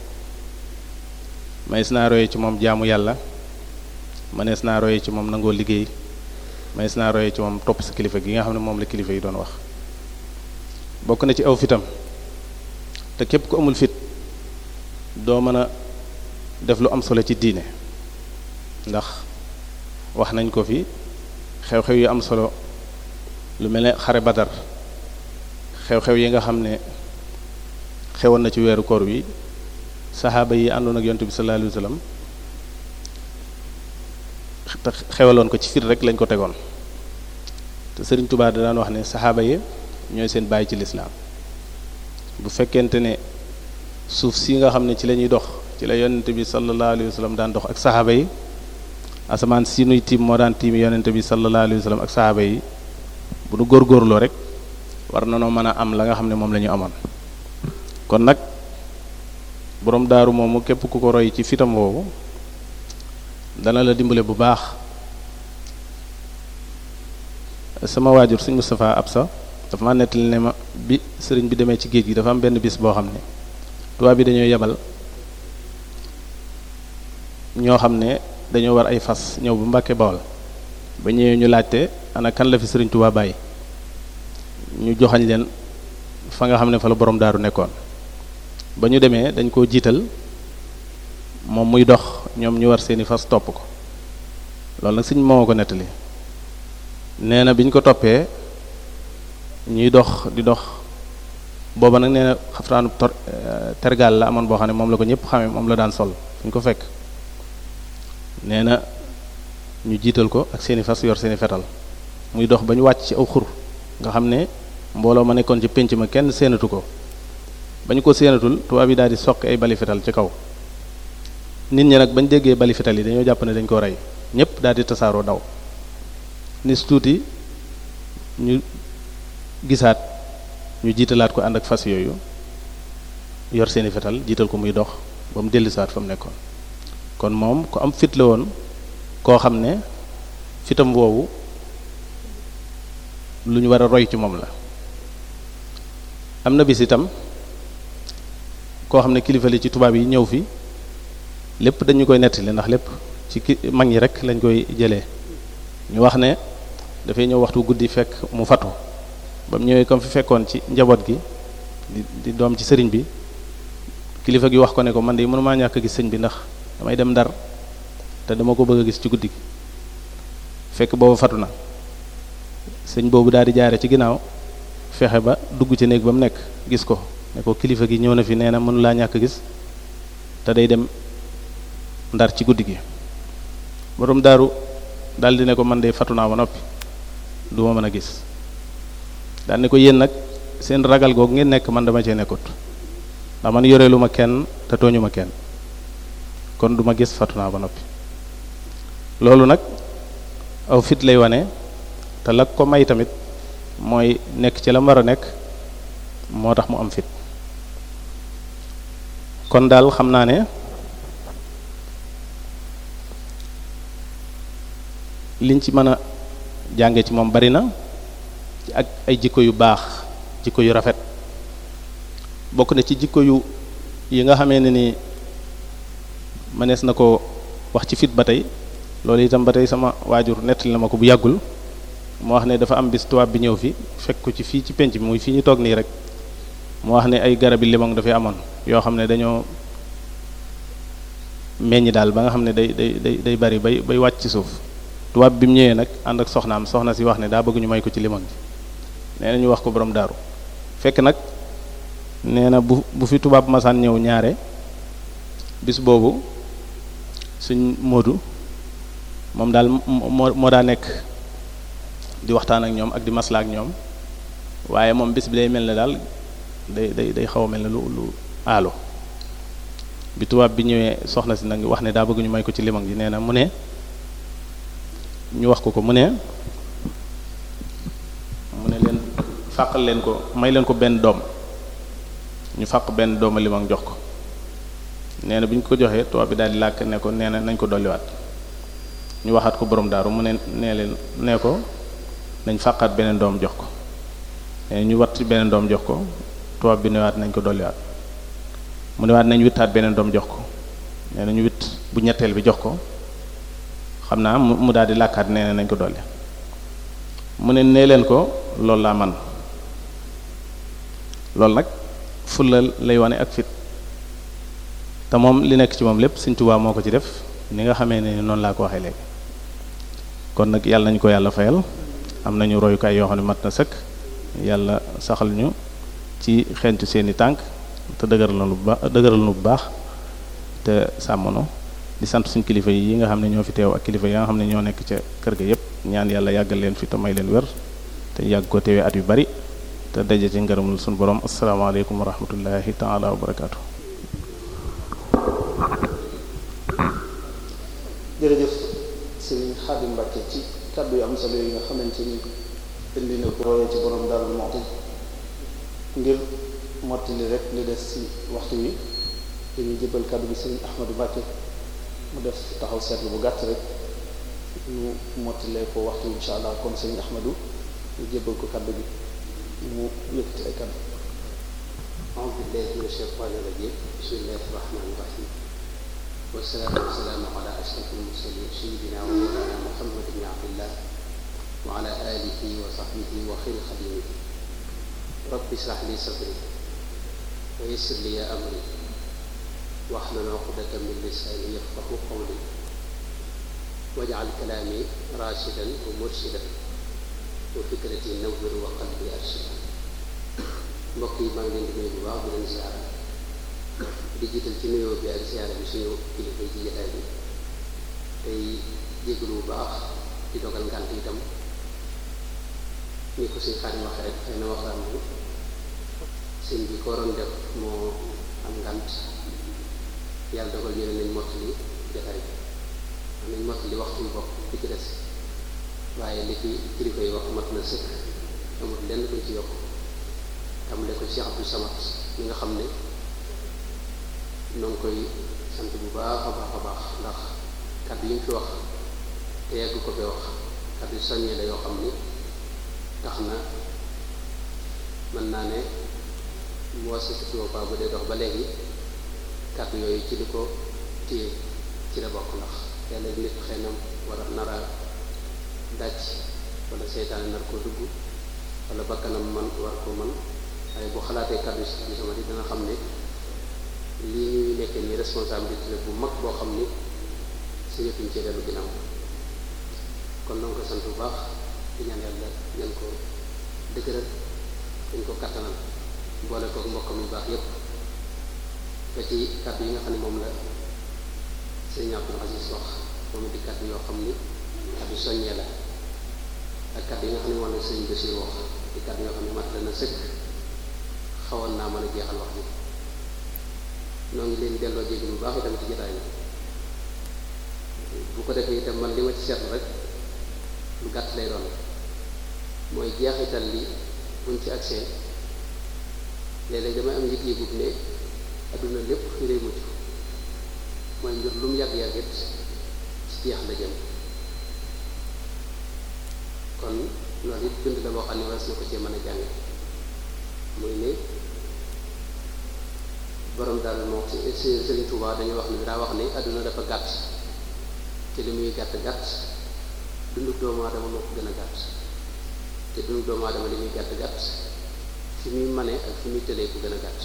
naa roye ci moom jaamu yàlla mënees naa roye ci moom nangoo liggéey mais naa royee ci moom topp sa kilifa gi nga xam ne moom la kilifa yi doon wax bokk na ci aw fitam te képp ku amul fit doo mën a def lu am solo ci diine ndax wax nañ ko fi xew-xew yu am solo lu mel ne xare Badar xew-xew yi nga xam ne xewoon na ci weeru koor wi saxaaba yi àndoon ak yont bi sallallahu alayhi te xewaloon ko ci fit rek lañ ko tegoon te Serigne Touba da daan wax ne saxaaba yi ñooy seen bàyyi ci lislaam bu fekkente ne suuf si nga xam ne ci la ñuy dox ci la yonent bi sallallahu alayhi wa daan dox ak saxaaba yi asamaan si nuy tiim moo daan tiim bi sallallahu alayhi wa sallam ak saxaaba yi bu nu góorgóorloo rek war na noo mën a am la nga xam ne moom la amoon kon nag boroom daaru moomu képp ku ko roy ci fitam woowu dana la dimbale bu baax sama waajur sëñ ab sa dafa ma nettali ne ma bi sëriñ bi demee ci géej gi dafa am benn bis boo xam ne tubaab bi dañoo yebal ñoo xam ne dañoo war ay fas ñëw bu Mbàkke Bawol ba ñëwee ñu laajte ana kan sëriñ Tuubaa bàyyi ñu joxañ leen fa nga xam ne fa la borom daaru nekkoon ba ñu demee dañ koo jiital moom muy dox ñoom ñu war seeni fas topp ko loolu nag sëñ moo ko nettali nee na bi ñu ko toppee ñuy dox di dox booba nag nee na xaftaanu tor eh, tergal la amoon boo xam ne moom la ko ñëpp xamee moom la daan sol fu ñu ko fekk nee na ñu jiital ko ak seeni fas yor seeni fetal muy dox ba ñu wàcc ci aw xur nga xam ne mbooloo ma nekkoon ci pénc ma kenn seenatu ko ba ñu ko seenatul tubaab yi daal di soq ay bali fetal ci kaw nit ñi nag bañ déggee bali fital yi dañoo jàpp ne dañ ko rey ñépp daal di tasaaroo daw nis tuuti ñu gisaat ñu jiitalaat ko ànd ak fas yooyu yor seeni fetal jiital ko muy dox ba mu dellisaat fa mu nekkoon kon moom ku am fit la woon koo xam ne fitam woowu lu ñu war a roy ci moom la am na bis itam koo xam ne kilifa li ci tubaab yi ñëw fi lépp dañu koy nettali ndax lépp ci ki mag ñi rek lañ koy jëlee ñu wax ne dafay ñëw waxtu guddi fekk mu fatu ba mu ñëwee comme fi fekkoon ci njaboot gi di doom ci sëriñ bi kilifa gi wax ko ne ko man de mënumaa ñàkk a gis sëñ bi ndax damay dem ndar te dama ko bëgg gis ci guddi fekk boobu fatu na sëñ boobu daal di jaare ci ginnaaw fexe ba dugg ci néeg ba mu nekk gis ko kilifa gi ñëw na fi nee na mënu laa ñàkk gis te day dem ndar ci guddi gi borom daaru daldi ne ko man de fatu naa ba noppi du ma mën a gis daal ne ko yéen nag seen ragal googu ngeen nekk man dama cee nekkut ndax man yoreelu ma kenn te tooñu ma kenn kon duma gis fatu naa ba noppi loolu nag aw fit lay wane te la ko may tamit mooy nekk ci la mu war a nekk moo tax mu am fit kon daal xam naa ne liñ ci mën a jànge ci moom bari na ak ay jikko yu baax jikko yu rafet bokk na ci jikko yu yi nga xamee ne ni mënees na ko wax ci fit ba tey loolu itam ba tey sama waajur nettali na ma ko bu yàggul moo wax ne dafa am bis tubaab bi ñëw fi fekk ko ci fii ci penc bi muy fii ñu toog nii rek moo wax ne ay garabi limoŋ dafay amoon yoo xam ne dañoo meññi daal ba nga xam ne day day day day bari bay bay wàcc ci suuf tubaab bi mu ñëwee nag ànd ak soxnaam soxna si wax ne daa bëgg may ko ci limon bi wax ko borom daaru fekk nag nee na bu bu fi tubaab masaan ñëw ñaare bis boobu suñ moodu moom daal moo daa nekk di waxtaan ak ñoom ak di maslaa ak ñoom waaye moom bis bi day mel ne daal day day day xaw a mel ne lu lu aalo bi bi ñëwee soxna si nag wax ne daa bëgg may ko ci limon gi nee na mu ne ñu wax ko ko mu ne mu ne leen fàqal leen ko may leen ko benn doom ñu fàq benn doom limon jox ko nee na bi ñu ko joxee tubaab bi daal di làkk ne ko nee na nañ ko dolliwaat ñu waxaat ko borom daaru mu ne nee leen nee ko nañ fàqaat beneen doom jox ko ñu wat beneen doom jox ko tubaab bi newaat nañ ko dolliwaat mu newaat nañ wittaat beneen doom jox ko nee na ñu bu ñetteel bi jox ko xam naa mu daal di làkkaat nee na nañ ko dolli mu ne nee leen ko loolu laa man loolu nag fulla lay wane ak fit te moom li nekk ci moom lépp Sëriñ Tuubaa moo ko ci def ni nga xamee ne noonu laa ko waxee léegi kon nag yàlla nañu ko yàlla fayal am nañu royukaay yoo xam ne mat na sëkk yàlla saxal ñu ci xentu seeni tànk te dëgëral na lu bu baax dëgëral na bu baax te sàmmono di sant suñ kilifa yi nga xam ne ñoo fi teew ak kilifa yi nga xam ne ñoo nekk ca kër ga yépp ñaan yàlla yàggal leen fi te leen wér te yàgg ko teewee at yu bari te daje ci ngërëmul suñu borom asalaamaaleykum wa rahmatullahi taala wa barakaatu. jërëjëf Serigne Khadim Mbacke ci kàddu yu am solo yi nga xamante ni indi na ko ci borom daal moo ko ngir mottali rek li des ci waxtu wi dañuy jëbal kàddu bi Serigne Ahmadou Mbacke. mu def taxaw seetlu bu gàtt rek ñu mottalee ko waxtu insha allah kon sëñ Ahmadou ñu jébbal ko kaddu bi mu yëkkati ay kaddu aoudu billahi min asheytaani rajim bismillahi rahmaani rahim wasalaatu wasalaamu ala ashrafil mursalin sayidina wa mawlana muhammad ibni abdillah wa ala alihi wa sahbihi wa xayri xadimihi rabbi israh li sadri wa yassir li ya amri wax عقدة من لساني يفقه قولي واجعل كلامي راشدا ومرشدا وفكرتي نور وقلبي أرشدا yi maa ngi leen di nuyu bu baax di leen ziara di jiital ci nuyoo bi ak ziara bi suñu kilifa ci bi tey jégalu bu baax di dogal ngànt itam ni ko suñ xaarim waxe rek xëy na waxtaan bi sëñ bi ko waroon def moo am ngànt yàlla dogal ñu ne nañ mottali jotaay bi nañ mottali waxtu bopp bi ci des waaye li ci kilifa yi wax mat na sëkk amul lenn luñ ci yokk tàmbale ko Cheikh Abdou Samad mi nga xam ne noo koy sant bu baax a baax a baax ndax kat yi mu fi wax te yàgg ko fi wax kàddu soññee la yoo xam ne tax na mën naa ne moo si Touba bu dee dox ba léegi. kàddu yooyu ci li ko téye ci la bokk ndax léeg-léeg nit xëy na wala nara dàcc wala seytaane nar koo dugg wala bakkanam man war ko man waaye bu xalaatee kàddu si bi sama di dana xam ne li ñuy nekk ni responsabilité bu mag boo xam ni si yëtuñ cee dellu ginnaaw kon na nga ko sant bu baax di ñaan yàlla ngeen ko dëgëral dañ ko kattanal boole ko mbokkam yu baax yépp ba ci kàddu yi nga xam ne moom la sëñ Abdul Aziz wax moom di kàddu yoo xam ni kàddu soññee la ak kàddu yi nga xam ne moom la sëñ Bachir wax di kàddu yoo xam ne mat dana sëkk xawoon naa mën a jeexal wax ni noo leen delloo jéggi bu baax itam ci jotaay bu ko defee itam man li ma ci seetlu rek lu gàtt lay doon mooy jeexital li buñ ci accès léeg-léeg damay am yëg-yëgub ne adduna lépp fi ngay mujj mooy mbir lu mu yàgg-yàgg it ci jeex la jëm kon loolu it bind la boo xam ne war na ko cee man a jàng muy ne borom daal moo Sëriñ Tuubaa dañuy wax ne daa wax ne àdduna dafa gàtt te li muy gàtt gàtt dundu doomu aadama moo ko gën a gàtt te dundu doomu aadama li muy gàtt gàtt fi muy mane ak fi muy tëlee ko gën a gàtt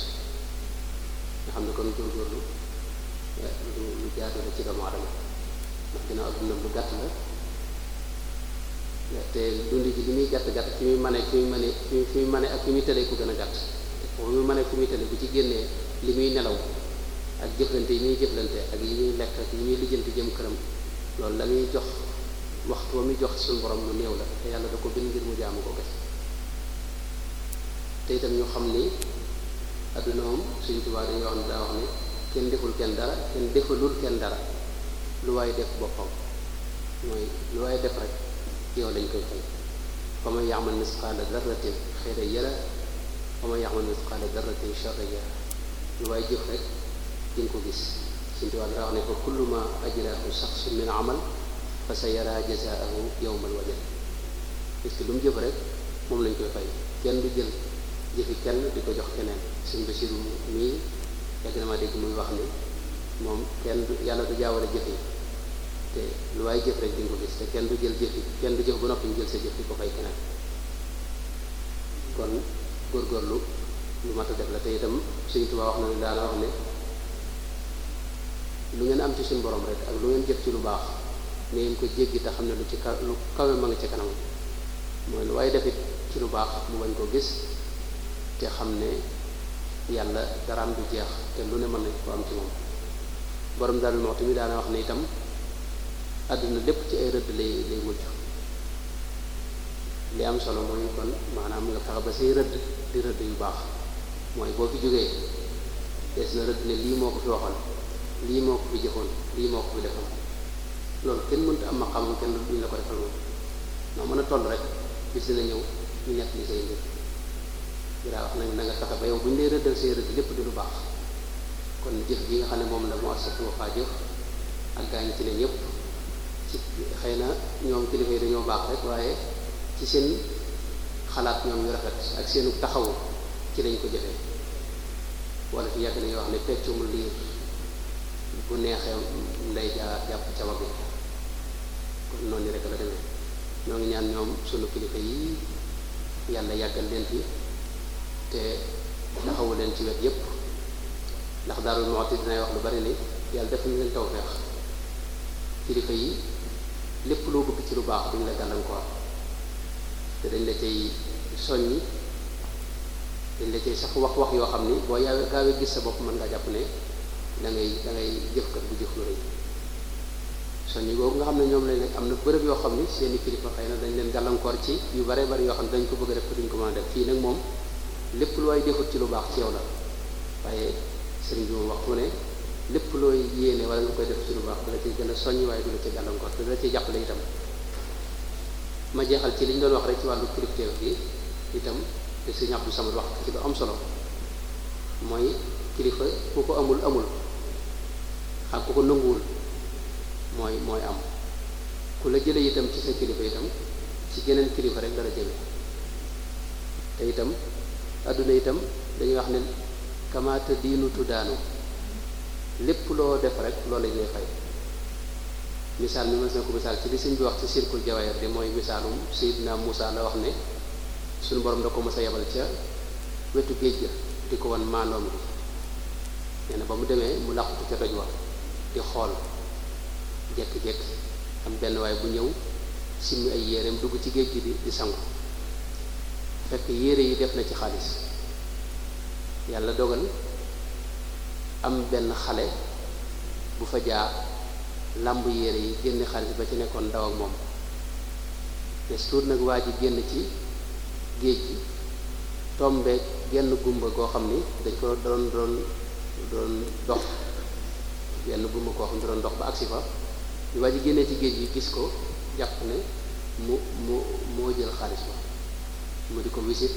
nga xam kon góorgóorlu eh, lu lu jaadu la ci doomu aadama ndax ginnaaw adduna bu gàtt la eh, te dund ji li muy gàtt gàtt fi muy mane fi muy mane fi muy mane ak fi muy tëlee ku gën a gàtt fi muy mane fi muy tëlee bu ci génnee li muy nelaw ak jëflante yi muy jëflante ak yi muy yi muy lijjanti jëm këram loolu la muy jox waxtu wa muy jox suñu borom mu néew la te yàlla da ko bind ngir mu jaamu ko kese te itam ñu xam ni adduna moom suñ tubaab dañuy wax ne daa wax ne kenn deful kenn dara kenn defalul kenn dara lu waay def boppam mooy lu waay def rek yow lañ koy fay fa man ya'mal misqaala darratin xayran yara wa man ya'mal misqaala darratin sharran yara lu waay jëf rek di ko gis suñ tubaab daa wax ne fa kullu ma ajrahu shakhsun min amal fa sa yara jazaahu yawmal wajh parce que lu mu jëf rek moom lañ koy fay kenn du jël jëfi kenn di ko jox keneen suñ Basiru mii yàgg na ma dégg muy wax ni moom kenn du yàlla du jaawale jëf yi te lu waaye jëf rek di ko gis te kenn du jël jëf yi kenn du jëf ba noppi ñu jël sa jëf di ko fay keneen kon góorgóorlu lu mat def la te itam suñ Tuubaa wax na ne daana wax ne lu ngeen am ci suñu borom rek ak lu ngeen jëf ci lu baax ne ngeen ko jéggi te xam ne lu ci ka lu kawe ma nga ci kanam mooy lu waaye defit ci lu baax mu bañ koo gis te xam ne yàlla daraam du jeex te lu ne mën nañ ko am ci moom borom daal moo tamit daana wax ne itam àdduna lépp ci ay rëdd lay lay mujj li am solo ñu kon maanaam nga fexe ba say rëdd di rëdd yu baax mooy boo fi jógee des na rëdd ne lii moo ko fi waxoon lii moo ko fi jëfoon lii moo ko fi defoon loolu kenn mënta am ma xam kenn duñ la ko defal moom noo mën a toll rek si dina ñëw ñu nekk li say mbir daa wax nañ na nga fexe bu ñu lay rëddal seen rëdd lépp di lu baax kon jëf ji nga xam ne moom la mu assatu Wafa jëf ak gaañu ci leen yëpp ci xëy na ñoom kilifa yi dañoo baax rek waaye ci seen xalaat ñoom ñu rafet ak seenu taxawu ci lañ ko jëfee wala fi yàgg nañu wax ne peccum liir bu neexee nday jaa jàpp ca wagg kon noonu rek la demee ñoo ngi ñaan ñoom sunu kilifa yi yàlla yàggal leen fi te taxawu leen ci wet yépp ndax Daarul Muxti dinay wax lu bari ni yàlla def na leen tawfeex kilifa yi lépp loo bëgg ci lu baax duñ la gàllankoor te dañ la cay soññi dañ la cay sax wax-wax yoo xam ni boo yaawe gaawee gis sa bopp mën nga jàpp ne da ngay da ngay jëf kat bu jëf lu rëy soññi googu nga xam ne ñoom lañ nekk am na bërëb yoo xam ni seeni kilifa xëy na dañ leen gàllankoor ci yu bare bari yoo xam ne dañ ko bëgg a def ko duñ ko mën a def fii nag moom lépp lu looy defut ci lu baax ci yow la waaye sëriñ bi moom wax mu ne lépp looy yéene wala nga koy def ci lu baax dala ci gën a soññ waaye du la ci gàllankoor te dala ci jàppale itam ma jeexal ci li ñu doon wax rek ci wàllu critère bi itam te sëriñ Abdou Samad wax ci lu am solo mooy kilifa ku ko amul amul ak ku ko nanguwul mooy mooy am ku la jële itam ci sa kilifa itam ci geneen kilifa rek dala jëme te itam adduna itam dañuy wax ne kamaata diinu daanu lépp loo def rek loolu la ñuy fay misaal mi ma na ko misaal ci li sëñ bi wax ci cirque jawaayir di mooy misaalum Seydina Muusa la wax ne suñu borom da ko mës a yebal ca wetu géej ga di ko wan maandoom gi nee ba mu demee mu làqutu ca doj wa di xool jekk-jekk am benn waay bu ñëw simmi ay yéreem dugg ci géej gi di di sangu fekk yére yi def na ci xaalis yàlla dogal am benn xale bu fa jaar làmb yére yi génn xaalis ba ci nekkoon ndaw ak moom des tuut nag waa ji génn ci géej gi tombeek genn gumba goo xam ni dañ ko doon doon doon dox genn gumba goo xam ne doon dox ba agsi fa waa ji génnee ci géej gi gis ko jàpp ne mu mu moo jël xaalis ba mu di ko wisit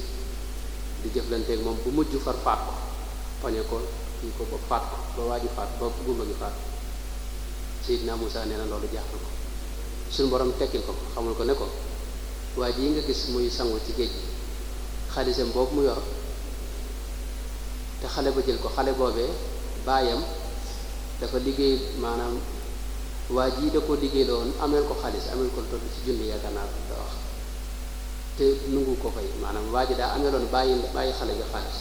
di jëflanteeg moom bu mujj far faat ko pañe ko kii ko ba faat ko ba waaji faat ba gumba gi faat Seydina Musa nee na loolu jaaxal ko suñu borom tekkil ko xamul ko ne ko waa ji yi nga gis muy sangu ci géej gi xaalisam boobu mu yor te xale ba jël ko xale boobee baayam dafa liggéey maanaam waa yi da ko liggéey la woon amee ko xaalis ameel ko lu toll ci junni yaakaar naa ko da wax te nungu ko fay maanaam waa ji daa ameloon bàyyi bàyyi xale bi xaalis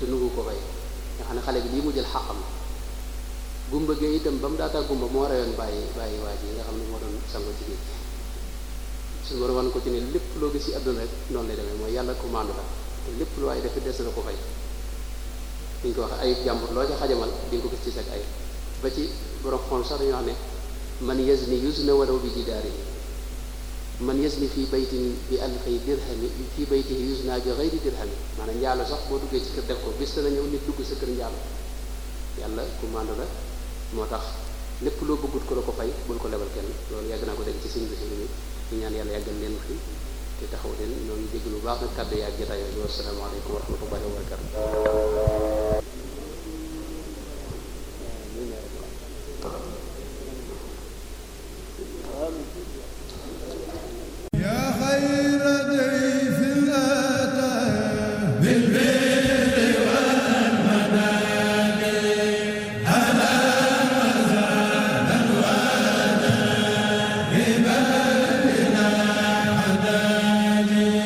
te nungu ko fay nga xam ne xale bi lii mu jël xàqam gumba gee itam ba mu daataa gumba moo reyoon bàyyi bàyyi waa ji nga xam ne moo doon sango ci géej suñu war wan ko ci ne lépp loo gis ci àdduna rek noonu lay demee mooy yàlla commande la te lépp lu waaye def des na ko fay li ñu ko waxee ayib jàmbur loo ca xajamal di ko gis ci sag ayib ba ci borom xool sax xam ne man yas ni yus na walaw bi man yasli fii baytin bi alfay dirhami fii baytihi jox ay xayri maa maanaam njaalo sax boo duggee ci kër def ko bis dana ñëw nit dugg sa kër njaalo yàlla ku màndu la moo tax lépp loo bëggut ko la ko fay bul ko lebal kenn loolu yàgg naa ko dégg ci sëñ bi sëñ bi ñaan yàlla yàggal leen fi te taxaw leen ñoo ngi dégg lu baax nag kàddu yaa jotaay yooyu wasalaamaaleykum wa rahmatullahi wa barakatu Amin